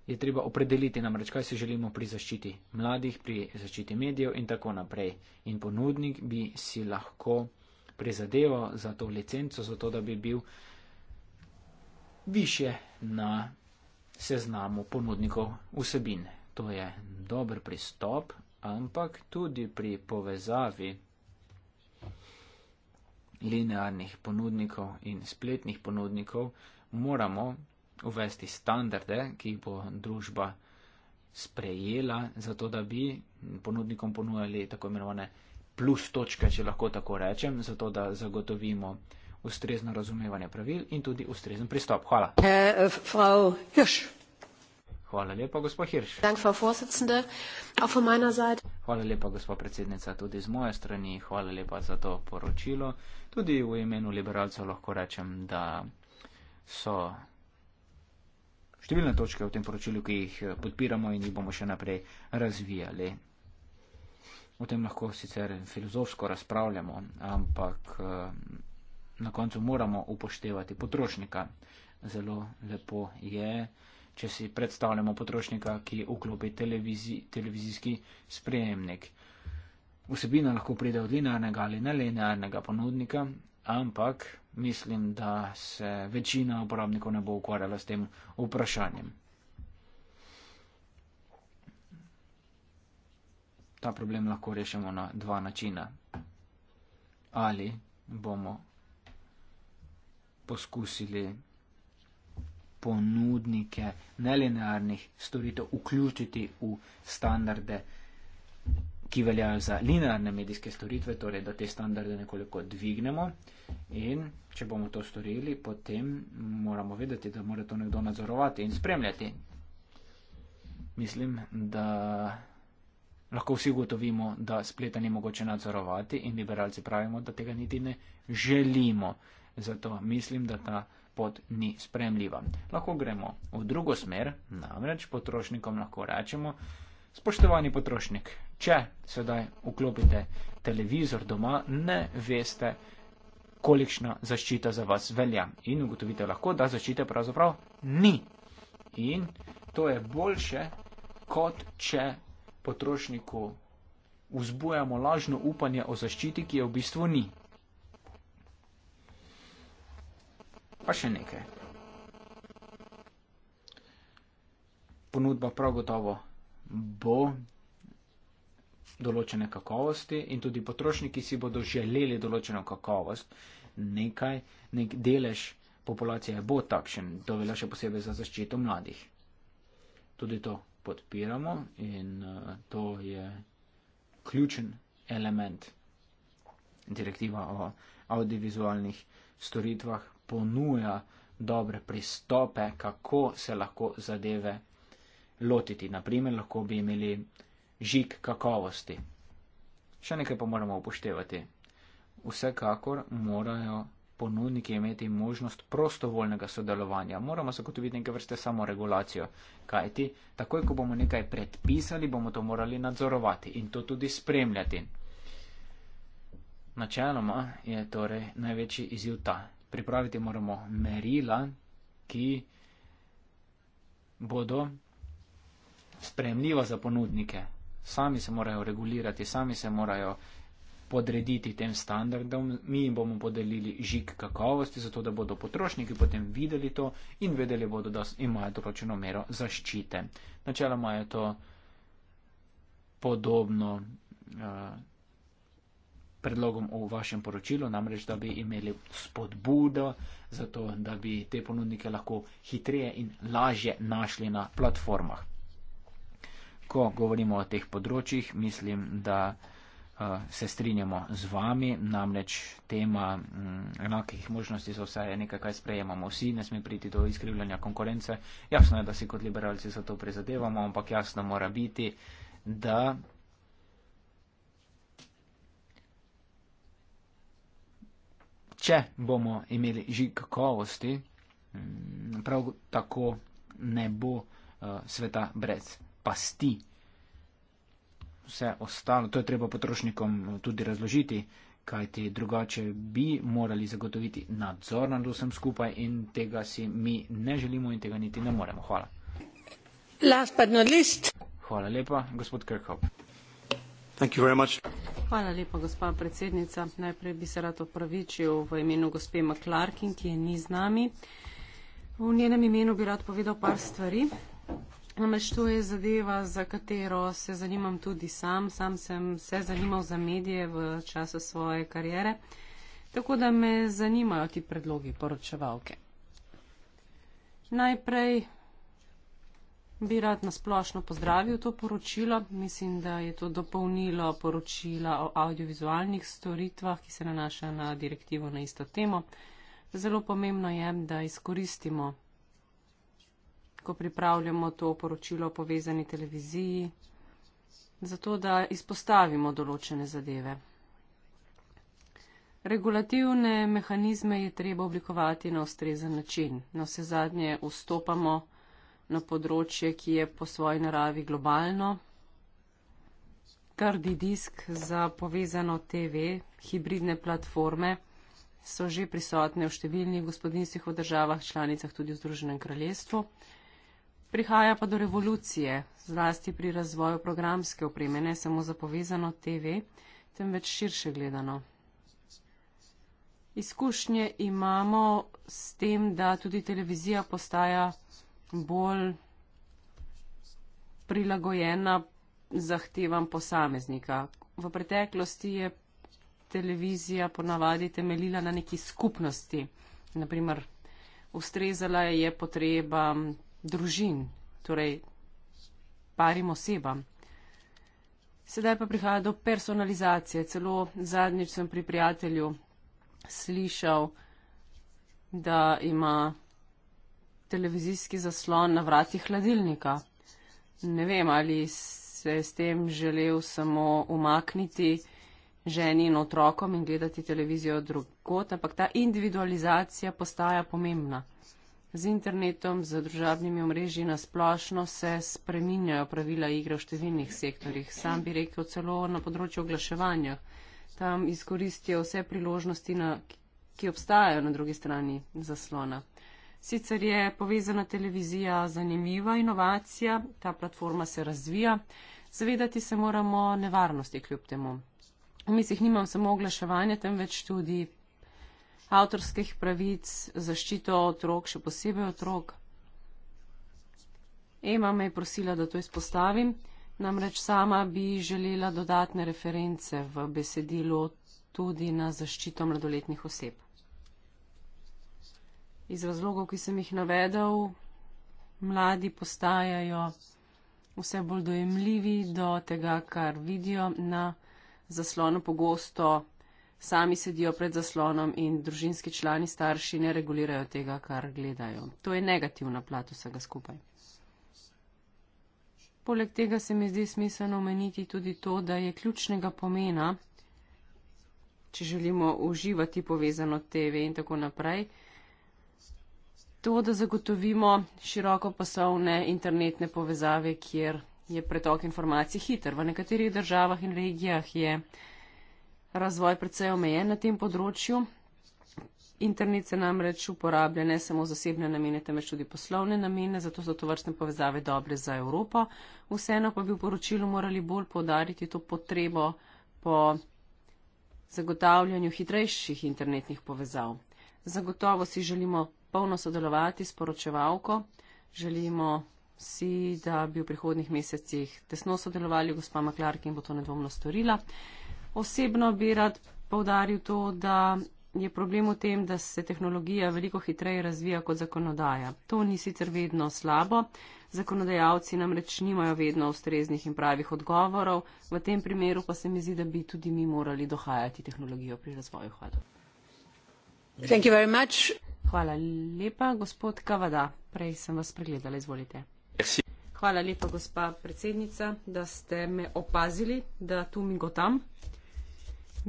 je treba opredeliti namreč, kaj si želimo pri zaščiti mladih, pri zaščiti medijev in tako naprej. In ponudnik bi si lahko prizadeval za to licenco, zato da bi bil više na seznamu ponudnikov vsebin. To je dober pristop, ampak tudi pri povezavi linearnih ponudnikov in spletnih ponudnikov moramo uvesti standarde, ki jih bo družba sprejela, zato da bi ponudnikom ponujali tako imenovane plus točke, če lahko tako rečem, zato da zagotovimo ustrezno razumevanje pravil in tudi ustrezen pristop. Hvala. Eh, eh, Hvala lepa, gospod Hirš. Hvala lepa, gospod predsednica, tudi z moje strani. Hvala lepa za to poročilo. Tudi v imenu liberalcev lahko rečem, da so številne točke v tem poročilu, ki jih eh, podpiramo in jih bomo še naprej razvijali. O tem lahko sicer filozofsko razpravljamo, ampak eh, na koncu moramo upoštevati potrošnika. Zelo lepo je, če si predstavljamo potrošnika, ki vklopi televizi, televizijski sprejemnik. Vsebina lahko pride od linearnega ali nelinearnega ponudnika, ampak mislim, da se večina uporabnikov ne bo ukvarjala s tem vprašanjem. Ta problem lahko rešimo na dva načina. Ali bomo poskusili ponudnike nelinearnih storitev vključiti v standarde, ki veljajo za linearne medijske storitve, torej da te standarde nekoliko dvignemo in če bomo to storili, potem moramo vedeti, da mora to nekdo nadzorovati in spremljati. Mislim, da lahko vsi ugotovimo, da spleta ni mogoče nadzorovati in liberalci pravimo, da tega niti ne želimo. Zato mislim, da ta pot ni spremljiva. Lahko gremo v drugo smer, namreč potrošnikom lahko rečemo, spoštovani potrošnik, če sedaj vklopite televizor doma, ne veste, kolikšna zaščita za vas velja. In ugotovite lahko, da zaščite pravzaprav ni. In to je boljše, kot če potrošniku vzbujamo lažno upanje o zaščiti, ki je v bistvu ni. Pa še nekaj. Ponudba prav gotovo bo določene kakovosti in tudi potrošniki si bodo želeli določeno kakovost, nekaj, nek delež populacije bo takšen, to velja še posebej za zaščito mladih. Tudi to podpiramo in eh, to je ključen element direktiva o audiovizualnih storitvah, ponuja dobre pristope, kako se lahko zadeve lotiti. Naprimer, lahko bi imeli žig kakovosti. Še nekaj pa moramo upoštevati. Vsekakor morajo ponudniki imeti možnost prostovoljnega sodelovanja. Moramo zagotoviti neke vrste samoregulacijo, kajti takoj, ko bomo nekaj predpisali, bomo to morali nadzorovati in to tudi spremljati. Načeloma je torej največji izjiv ta. Pripraviti moramo merila, ki bodo spremljiva za ponudnike, sami se morajo regulirati, sami se morajo podrediti tem standardom, mi jim bomo podelili žig kakovosti, zato da bodo potrošniki potem videli to in vedeli bodo, da imajo določeno mero zaščite. Načeloma je to podobno eh, predlogom v vašem poročilu, namreč da bi imeli spodbudo za to, da bi te ponudnike lahko hitreje in lažje našli na platformah ko govorimo o teh področjih, mislim, da eh, se strinjamo z vami, namreč tema mm, enakih možnosti za vse je nekaj, kaj sprejemamo vsi, ne sme priti do izkrivljanja konkurence. Jasno je, da si kot liberalci za to prizadevamo, ampak jasno mora biti, da če bomo imeli žig kakovosti, mm, prav tako ne bo eh, sveta brez pasti. Vse ostalo, to je treba potrošnikom eh, tudi razložiti, kajti drugače bi morali zagotoviti nadzor nad vsem skupaj in tega si mi ne želimo in tega niti ne moremo. Hvala. Last but not least. Hvala lepa, gospod Kirchhoff. Hvala lepa, gospa predsednica. Najprej bi se rad opravičil v imenu gospe McClarkin, ki je ni z nami. V njenem imenu bi rad povedal par stvari. Namreč to je zadeva, za katero se zanimam tudi sam. Sam sem se zanimal za medije v času svoje karijere. Tako da me zanimajo ti predlogi poročevalke. Najprej bi rad nasplošno pozdravil to poročilo. Mislim, da je to dopolnilo poročila o audiovizualnih storitvah, ki se nanaša na direktivo na isto temo. Zelo pomembno je, da izkoristimo ko pripravljamo to poročilo o povezani televiziji, zato da izpostavimo določene zadeve. Regulativne mehanizme je treba oblikovati na ustrezen način. Na vse zadnje vstopamo na področje, ki je po svoji naravi globalno. Trdi disk za povezano TV, hibridne platforme so že prisotne v številnih gospodinstvih v državah članicah, tudi v Združenem kraljestvu. Prihaja pa do revolucije, zlasti pri razvoju programske opreme, ne samo za povezano TV, temveč širše gledano. Izkušnje imamo s tem, da tudi televizija postaja bolj prilagojena zahtevam posameznika. V preteklosti je televizija ponavadi temeljila na neki skupnosti, naprimer ustrezala je potrebam družin, torej parim osebam. Sedaj pa prihaja do personalizacije. Celo zadnjič sem pri prijatelju slišal, da ima televizijski zaslon na vratih hladilnika. Ne vem, ali se je s tem želel samo umakniti ženi in otrokom in gledati televizijo drugot, ampak ta individualizacija postaja pomembna. Z internetom, z družabnimi omrežji na splošno se spreminjajo pravila igre v številnih sektorjih. Sam bi rekel celo na področju oglaševanja. Tam izkoristijo vse priložnosti, na, ki obstajajo na drugi strani zaslona. Sicer je povezana televizija zanimiva inovacija, ta platforma se razvija, zavedati se moramo nevarnosti kljub temu. V mislih nimam samo oglaševanja, temveč tudi avtorskih pravic, zaščito otrok, še posebej otrok. Ema me je prosila, da to izpostavim, namreč sama bi želela dodatne reference v besedilu tudi na zaščito mladoletnih oseb. Iz razlogov, ki sem jih navedel, mladi postajajo vse bolj dojemljivi do tega, kar vidijo na zaslonu pogosto sami sedijo pred zaslonom in družinski člani, starši ne regulirajo tega, kar gledajo. To je negativna plat vsega skupaj. Poleg tega se mi zdi smiselno omeniti tudi to, da je ključnega pomena, če želimo uživati povezano TV in tako naprej, to, da zagotovimo široko poslovne internetne povezave, kjer je pretok informacij hiter. V nekaterih državah in regijah je razvoj predvsej omejen na tem področju. Internet se namreč uporablja ne samo zasebne namene, temveč tudi poslovne namene, zato so to vrstne povezave dobre za Evropo. Vseeno pa bi v poročilu morali bolj podariti to potrebo po zagotavljanju hitrejših internetnih povezav. Zagotovo si želimo polno sodelovati s poročevalko, želimo si, da bi v prihodnih mesecih tesno sodelovali, gospa Maklarkin bo to nedvomno storila. Osebno bi rad povdaril to, da je problem v tem, da se tehnologija veliko hitreje razvija kot zakonodaja. To ni sicer vedno slabo. Zakonodajalci namreč nimajo vedno ustreznih in pravih odgovorov. V tem primeru pa se mi zdi, da bi tudi mi morali dohajati tehnologijo pri razvoju. Hvala. Hvala lepa, gospod Kavada. Prej sem vas pregledala, izvolite. Hvala lepa, gospa predsednica, da ste me opazili, da tu mi gotam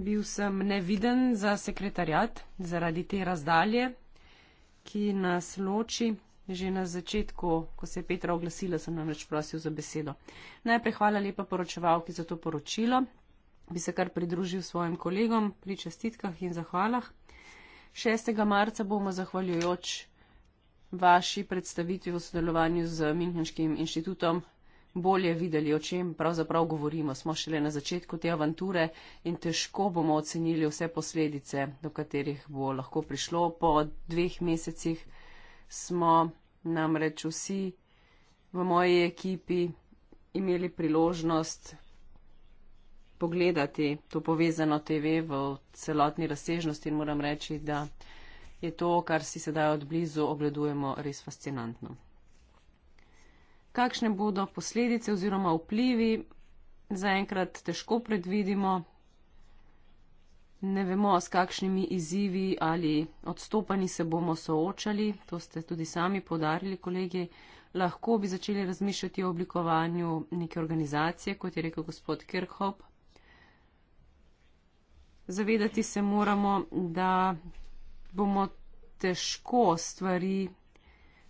bil sem neviden za sekretarjat zaradi te razdalje, ki nas loči. Že na začetku, ko se je Petra oglasila, sem namreč prosil za besedo. Najprej hvala lepa poročevalki za to poročilo. Bi se kar pridružil svojim kolegom pri čestitkah in zahvalah. 6. marca bomo zahvaljujoč vaši predstavitvi v sodelovanju z Minhenškim inštitutom bolje videli, o čem pravzaprav govorimo. Smo šele na začetku te avanture in težko bomo ocenili vse posledice, do katerih bo lahko prišlo. Po dveh mesecih smo namreč vsi v moji ekipi imeli priložnost pogledati to povezano TV v celotni razsežnosti in moram reči, da je to, kar si sedaj odblizu ogledujemo, res fascinantno kakšne bodo posledice oziroma vplivi, zaenkrat težko predvidimo. Ne vemo, s kakšnimi izzivi ali odstopanji se bomo soočali, to ste tudi sami podarili, kolegi. Lahko bi začeli razmišljati o oblikovanju neke organizacije, kot je rekel gospod Kirchhoff. Zavedati se moramo, da bomo težko stvari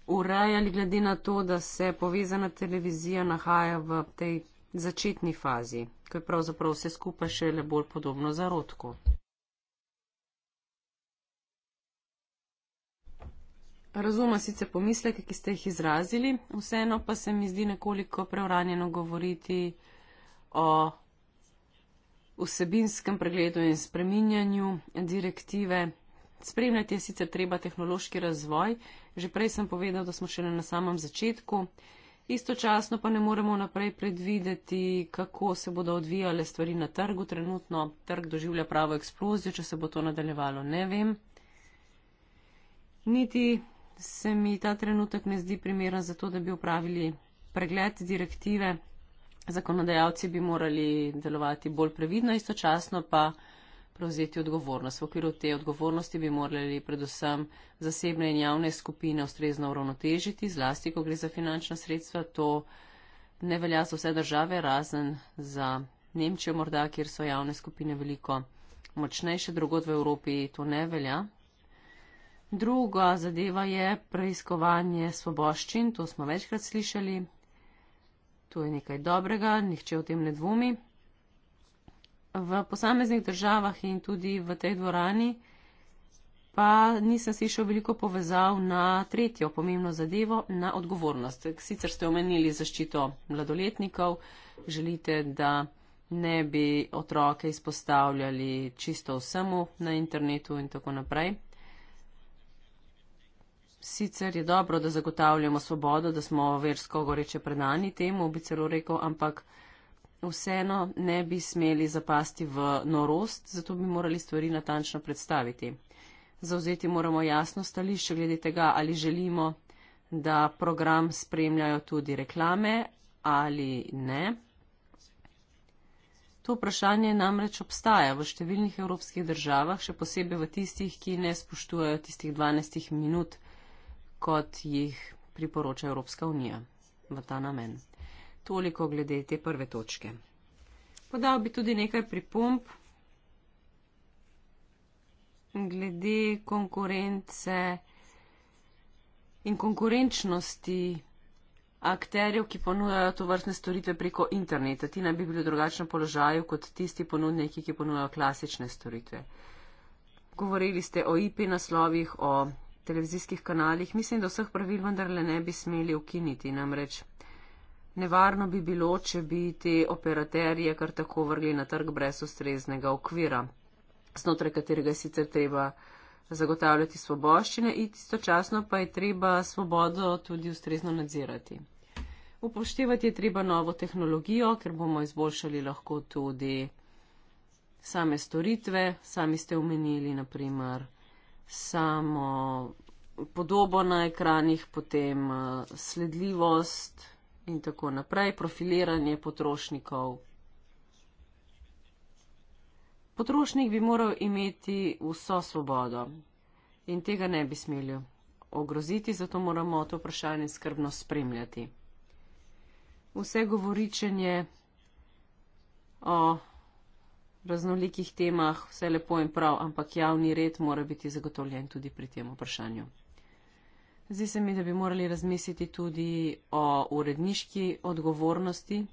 urejali, glede na to, da se povezana televizija nahaja v tej začetni fazi, ko je pravzaprav vse skupaj še le bolj podobno zarodku. Razumem sicer pomisleke, ki ste jih izrazili, vseeno pa se mi zdi nekoliko preuranjeno govoriti o vsebinskem pregledu in spreminjanju direktive. Spremljati je sicer treba tehnološki razvoj, Že prej sem povedal, da smo šele na samem začetku. Istočasno pa ne moremo naprej predvideti, kako se bodo odvijale stvari na trgu. Trenutno trg doživlja pravo eksplozijo, če se bo to nadaljevalo, ne vem. Niti se mi ta trenutek ne zdi primeren za to, da bi upravili pregled direktive. Zakonodajalci bi morali delovati bolj previdno, istočasno pa prevzeti odgovornost. V okviru te odgovornosti bi morali predvsem zasebne in javne skupine ustrezno uravnotežiti, zlasti, ko gre za finančna sredstva. To ne velja za vse države, razen za Nemčijo morda, kjer so javne skupine veliko močnejše, drugod v Evropi to ne velja. Druga zadeva je preiskovanje svoboščin, to smo večkrat slišali. To je nekaj dobrega, nihče o tem ne dvomi v posameznih državah in tudi v tej dvorani, pa nisem si še veliko povezal na tretjo pomembno zadevo, na odgovornost. Sicer ste omenili zaščito mladoletnikov, želite, da ne bi otroke izpostavljali čisto vsemu na internetu in tako naprej. Sicer je dobro, da zagotavljamo svobodo, da smo versko goreče predani temu, bi celo rekel, ampak vseeno ne bi smeli zapasti v norost, zato bi morali stvari natančno predstaviti. Zauzeti moramo jasno stališče glede tega, ali želimo, da program spremljajo tudi reklame ali ne. To vprašanje namreč obstaja v številnih evropskih državah, še posebej v tistih, ki ne spoštujejo tistih 12 minut, kot jih priporoča Evropska unija v ta namen. Toliko glede te prve točke. Podal bi tudi nekaj pripomp glede konkurence in konkurenčnosti akterjev, ki ponujajo to vrstne storitve preko interneta. Ti naj bi bili v drugačnem položaju kot tisti ponudniki, ki ponujajo klasične storitve. Govorili ste o IP naslovih, o televizijskih kanalih. Mislim, da vseh pravil vendarle ne bi smeli ukiniti. Namreč nevarno bi bilo, če bi te operaterje kar tako vrgli na trg brez ustreznega okvira, znotraj katerega sicer treba zagotavljati svoboščine in istočasno pa je treba svobodo tudi ustrezno nadzirati. Upoštevati je treba novo tehnologijo, ker bomo izboljšali lahko tudi same storitve, sami ste omenili naprimer samo podobo na ekranih, potem eh, sledljivost, in tako naprej, profiliranje potrošnikov. Potrošnik bi moral imeti vso svobodo in tega ne bi smeli ogroziti, zato moramo to vprašanje skrbno spremljati. Vse govoričenje o raznolikih temah, vse lepo in prav, ampak javni red mora biti zagotovljen tudi pri tem vprašanju. Zdi se mi, da bi morali razmisliti tudi o uredniški odgovornosti,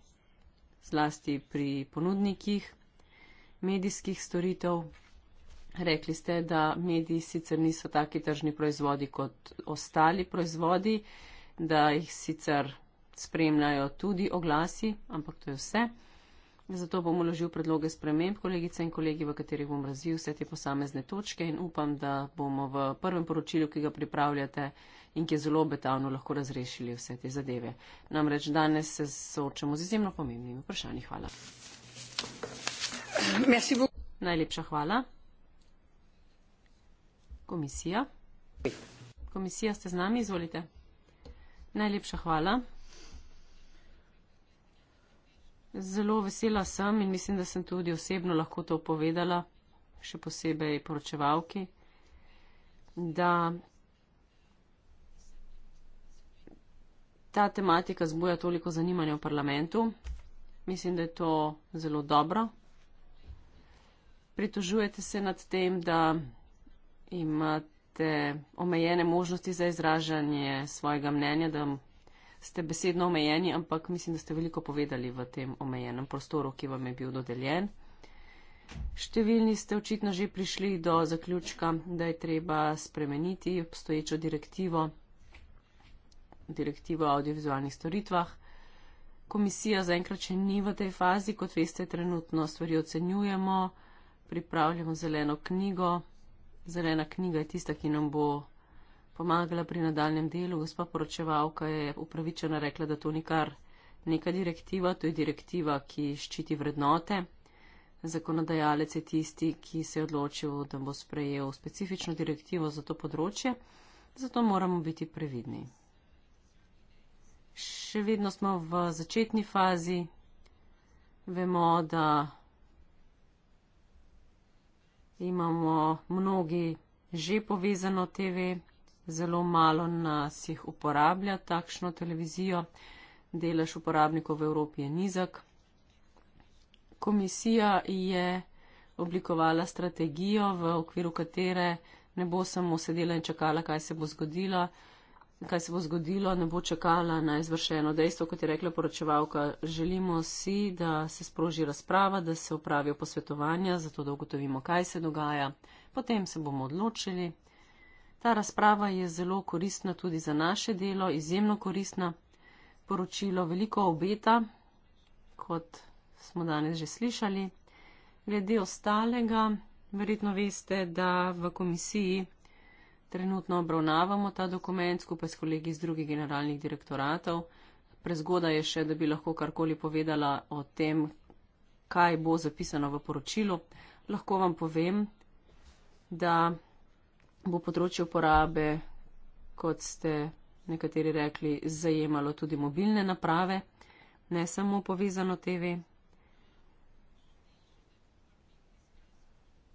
zlasti pri ponudnikih medijskih storitev. Rekli ste, da mediji sicer niso taki tržni proizvodi kot ostali proizvodi, da jih sicer spremljajo tudi oglasi, ampak to je vse. Zato bom uložil predloge sprememb, kolegice in kolegi, v katerih bom razvil vse te posamezne točke in upam, da bomo v prvem poročilu, ki ga pripravljate, in ki je zelo obetavno lahko razrešili vse te zadeve. Namreč danes se soočamo z izjemno pomembnimi vprašanji. Hvala. Najlepša hvala. Komisija. Komisija, ste z nami, izvolite. Najlepša hvala. Zelo vesela sem in mislim, da sem tudi osebno lahko to povedala, še posebej poročevalki, da ta tematika zbuja toliko zanimanja v parlamentu. Mislim, da je to zelo dobro. Pritožujete se nad tem, da imate omejene možnosti za izražanje svojega mnenja, da ste besedno omejeni, ampak mislim, da ste veliko povedali v tem omejenem prostoru, ki vam je bil dodeljen. Številni ste očitno že prišli do zaključka, da je treba spremeniti obstoječo direktivo direktivo o audiovizualnih storitvah. Komisija zaenkrat še ni v tej fazi, kot veste, trenutno stvari ocenjujemo, pripravljamo zeleno knjigo. Zelena knjiga je tista, ki nam bo pomagala pri nadaljem delu. Gospa poročevalka je upravičena rekla, da to ni kar neka direktiva, to je direktiva, ki ščiti vrednote. Zakonodajalec je tisti, ki se je odločil, da bo sprejel specifično direktivo za to področje, zato moramo biti previdni še vedno smo v začetni fazi. Vemo, da imamo mnogi že povezano TV, zelo malo nas jih uporablja takšno televizijo. Delež uporabnikov v Evropi je nizak. Komisija je oblikovala strategijo, v okviru katere ne bo samo sedela in čakala, kaj se bo zgodilo kaj se bo zgodilo, ne bo čakala na izvršeno dejstvo, kot je rekla poročevalka. Želimo si, da se sproži razprava, da se opravijo posvetovanja, zato da ugotovimo, kaj se dogaja. Potem se bomo odločili. Ta razprava je zelo koristna tudi za naše delo, izjemno koristna. Poročilo veliko obeta, kot smo danes že slišali. Glede ostalega, verjetno veste, da v komisiji Trenutno obravnavamo ta dokument skupaj s kolegi iz drugih generalnih direktoratov. Prezgoda je še, da bi lahko karkoli povedala o tem, kaj bo zapisano v poročilu. Lahko vam povem, da bo področje uporabe, kot ste nekateri rekli, zajemalo tudi mobilne naprave, ne samo povezano TV.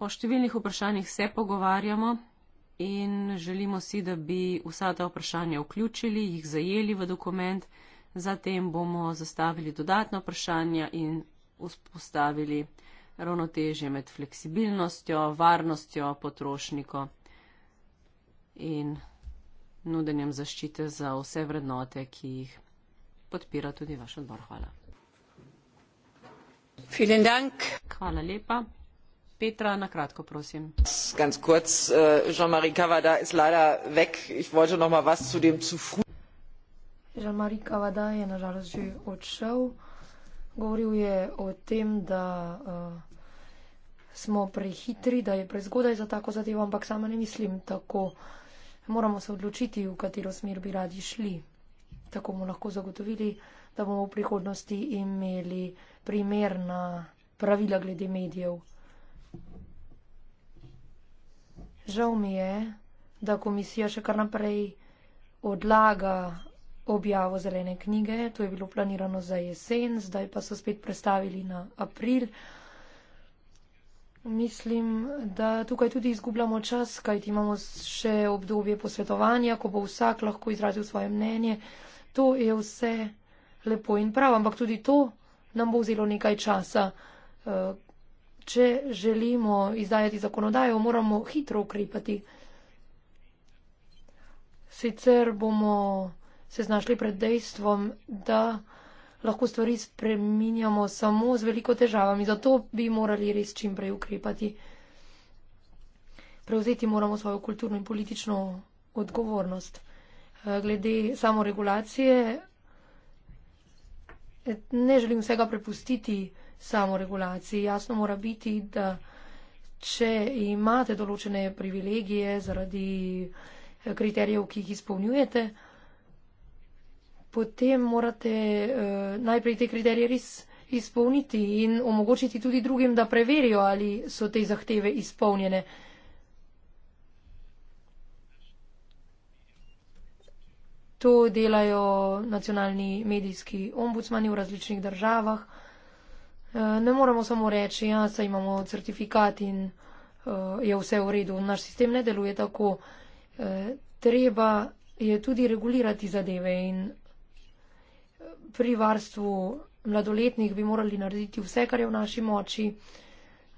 O številnih vprašanjih se pogovarjamo in želimo si, da bi vsa ta vprašanja vključili, jih zajeli v dokument, zatem bomo zastavili dodatno vprašanje in vzpostavili ravnotežje med fleksibilnostjo, varnostjo potrošniko in nudenjem zaščite za vse vrednote, ki jih podpira tudi vaš odbor. Hvala. Vielen Dank. Hvala lepa petra na kratko prosim ganz kurz äh, jean marie cavada ist leider weg ich wollte noch mal was zu dem zu früh jean marie cavada je nažalost že odšel govoril je o tem da uh, smo prehitri da je prezgodaj za tako zadevo ampak sama ne mislim tako moramo se odločiti v katero smer bi radi šli tako bomo lahko zagotovili da bomo v prihodnosti imeli primerna pravila glede medijev Žal mi je, da komisija še kar naprej odlaga objavo zelene knjige. To je bilo planirano za jesen, zdaj pa so spet prestavili na april. Mislim, da tukaj tudi izgubljamo čas, kajti imamo še obdobje posvetovanja, ko bo vsak lahko izrazil svoje mnenje. To je vse lepo in prav, ampak tudi to nam bo vzelo nekaj časa, eh, če želimo izdajati zakonodajo, moramo hitro ukrepati. Sicer bomo se znašli pred dejstvom, da lahko stvari spreminjamo samo z veliko težavami. Zato bi morali res čim prej ukrepati. Prevzeti moramo svojo kulturno in politično odgovornost. Eh, glede samoregulacije, eh, ne želim vsega prepustiti samoregulaciji. Jasno mora biti, da če imate določene privilegije zaradi eh, kriterijev, ki jih izpolnjujete, potem morate uh, najprej te kriterije res izpolniti in omogočiti tudi drugim, da preverijo, ali so te zahteve izpolnjene. To delajo nacionalni medijski ombudsmani v različnih državah. Eh, ne moremo samo reči, ja, saj imamo certifikat in uh, je vse v redu. Naš sistem ne deluje tako. Uh, treba je tudi regulirati zadeve in pri varstvu mladoletnih bi morali narediti vse, kar je v naši moči.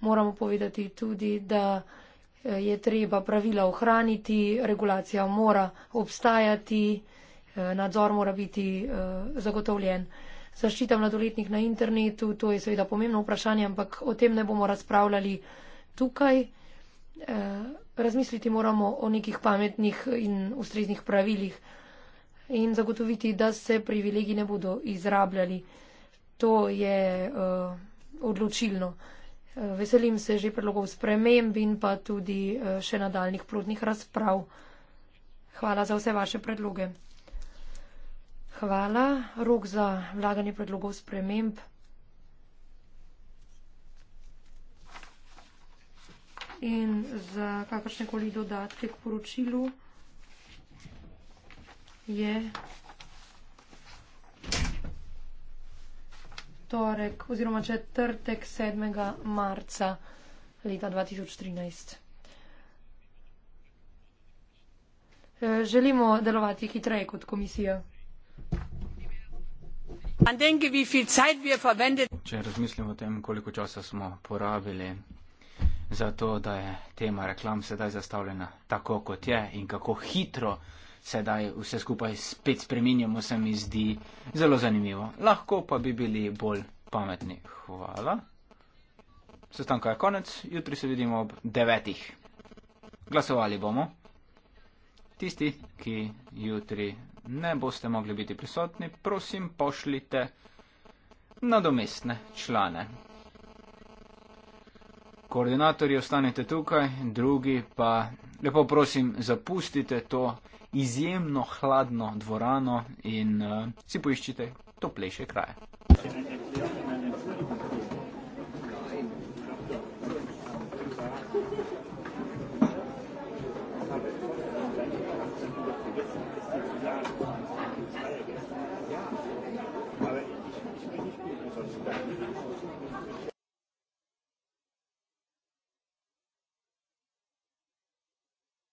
Moramo povedati tudi, da je treba pravila ohraniti, regulacija mora obstajati, nadzor mora biti zagotovljen zaščita mladoletnih na internetu, to je seveda pomembno vprašanje, ampak o tem ne bomo razpravljali tukaj. E, razmisliti moramo o nekih pametnih in ustreznih pravilih in zagotoviti, da se privilegi ne bodo izrabljali. To je e, odločilno. E, veselim se že predlogov sprememb in pa tudi e, še nadaljnih plodnih razprav. Hvala za vse vaše predloge hvala. Rok za vlaganje predlogov sprememb. In za kakršne koli dodatke k poročilu je torek oziroma četrtek 7. marca leta 2013. Eh, želimo delovati hitreje kot komisija če razmislimo o tem, koliko časa smo porabili za to, da je tema reklam sedaj zastavljena tako, kot je in kako hitro sedaj vse skupaj spet spreminjamo, se mi zdi zelo zanimivo. Lahko pa bi bili bolj pametni. Hvala. Sestanka je konec, jutri se vidimo ob devetih. Glasovali bomo. Tisti, ki jutri ne boste mogli biti prisotni, prosim, pošljite nadomestne člane. Koordinatorji ostanite tukaj, drugi pa lepo prosim, zapustite to izjemno hladno dvorano in uh, si poiščite toplejše kraje. Hvala.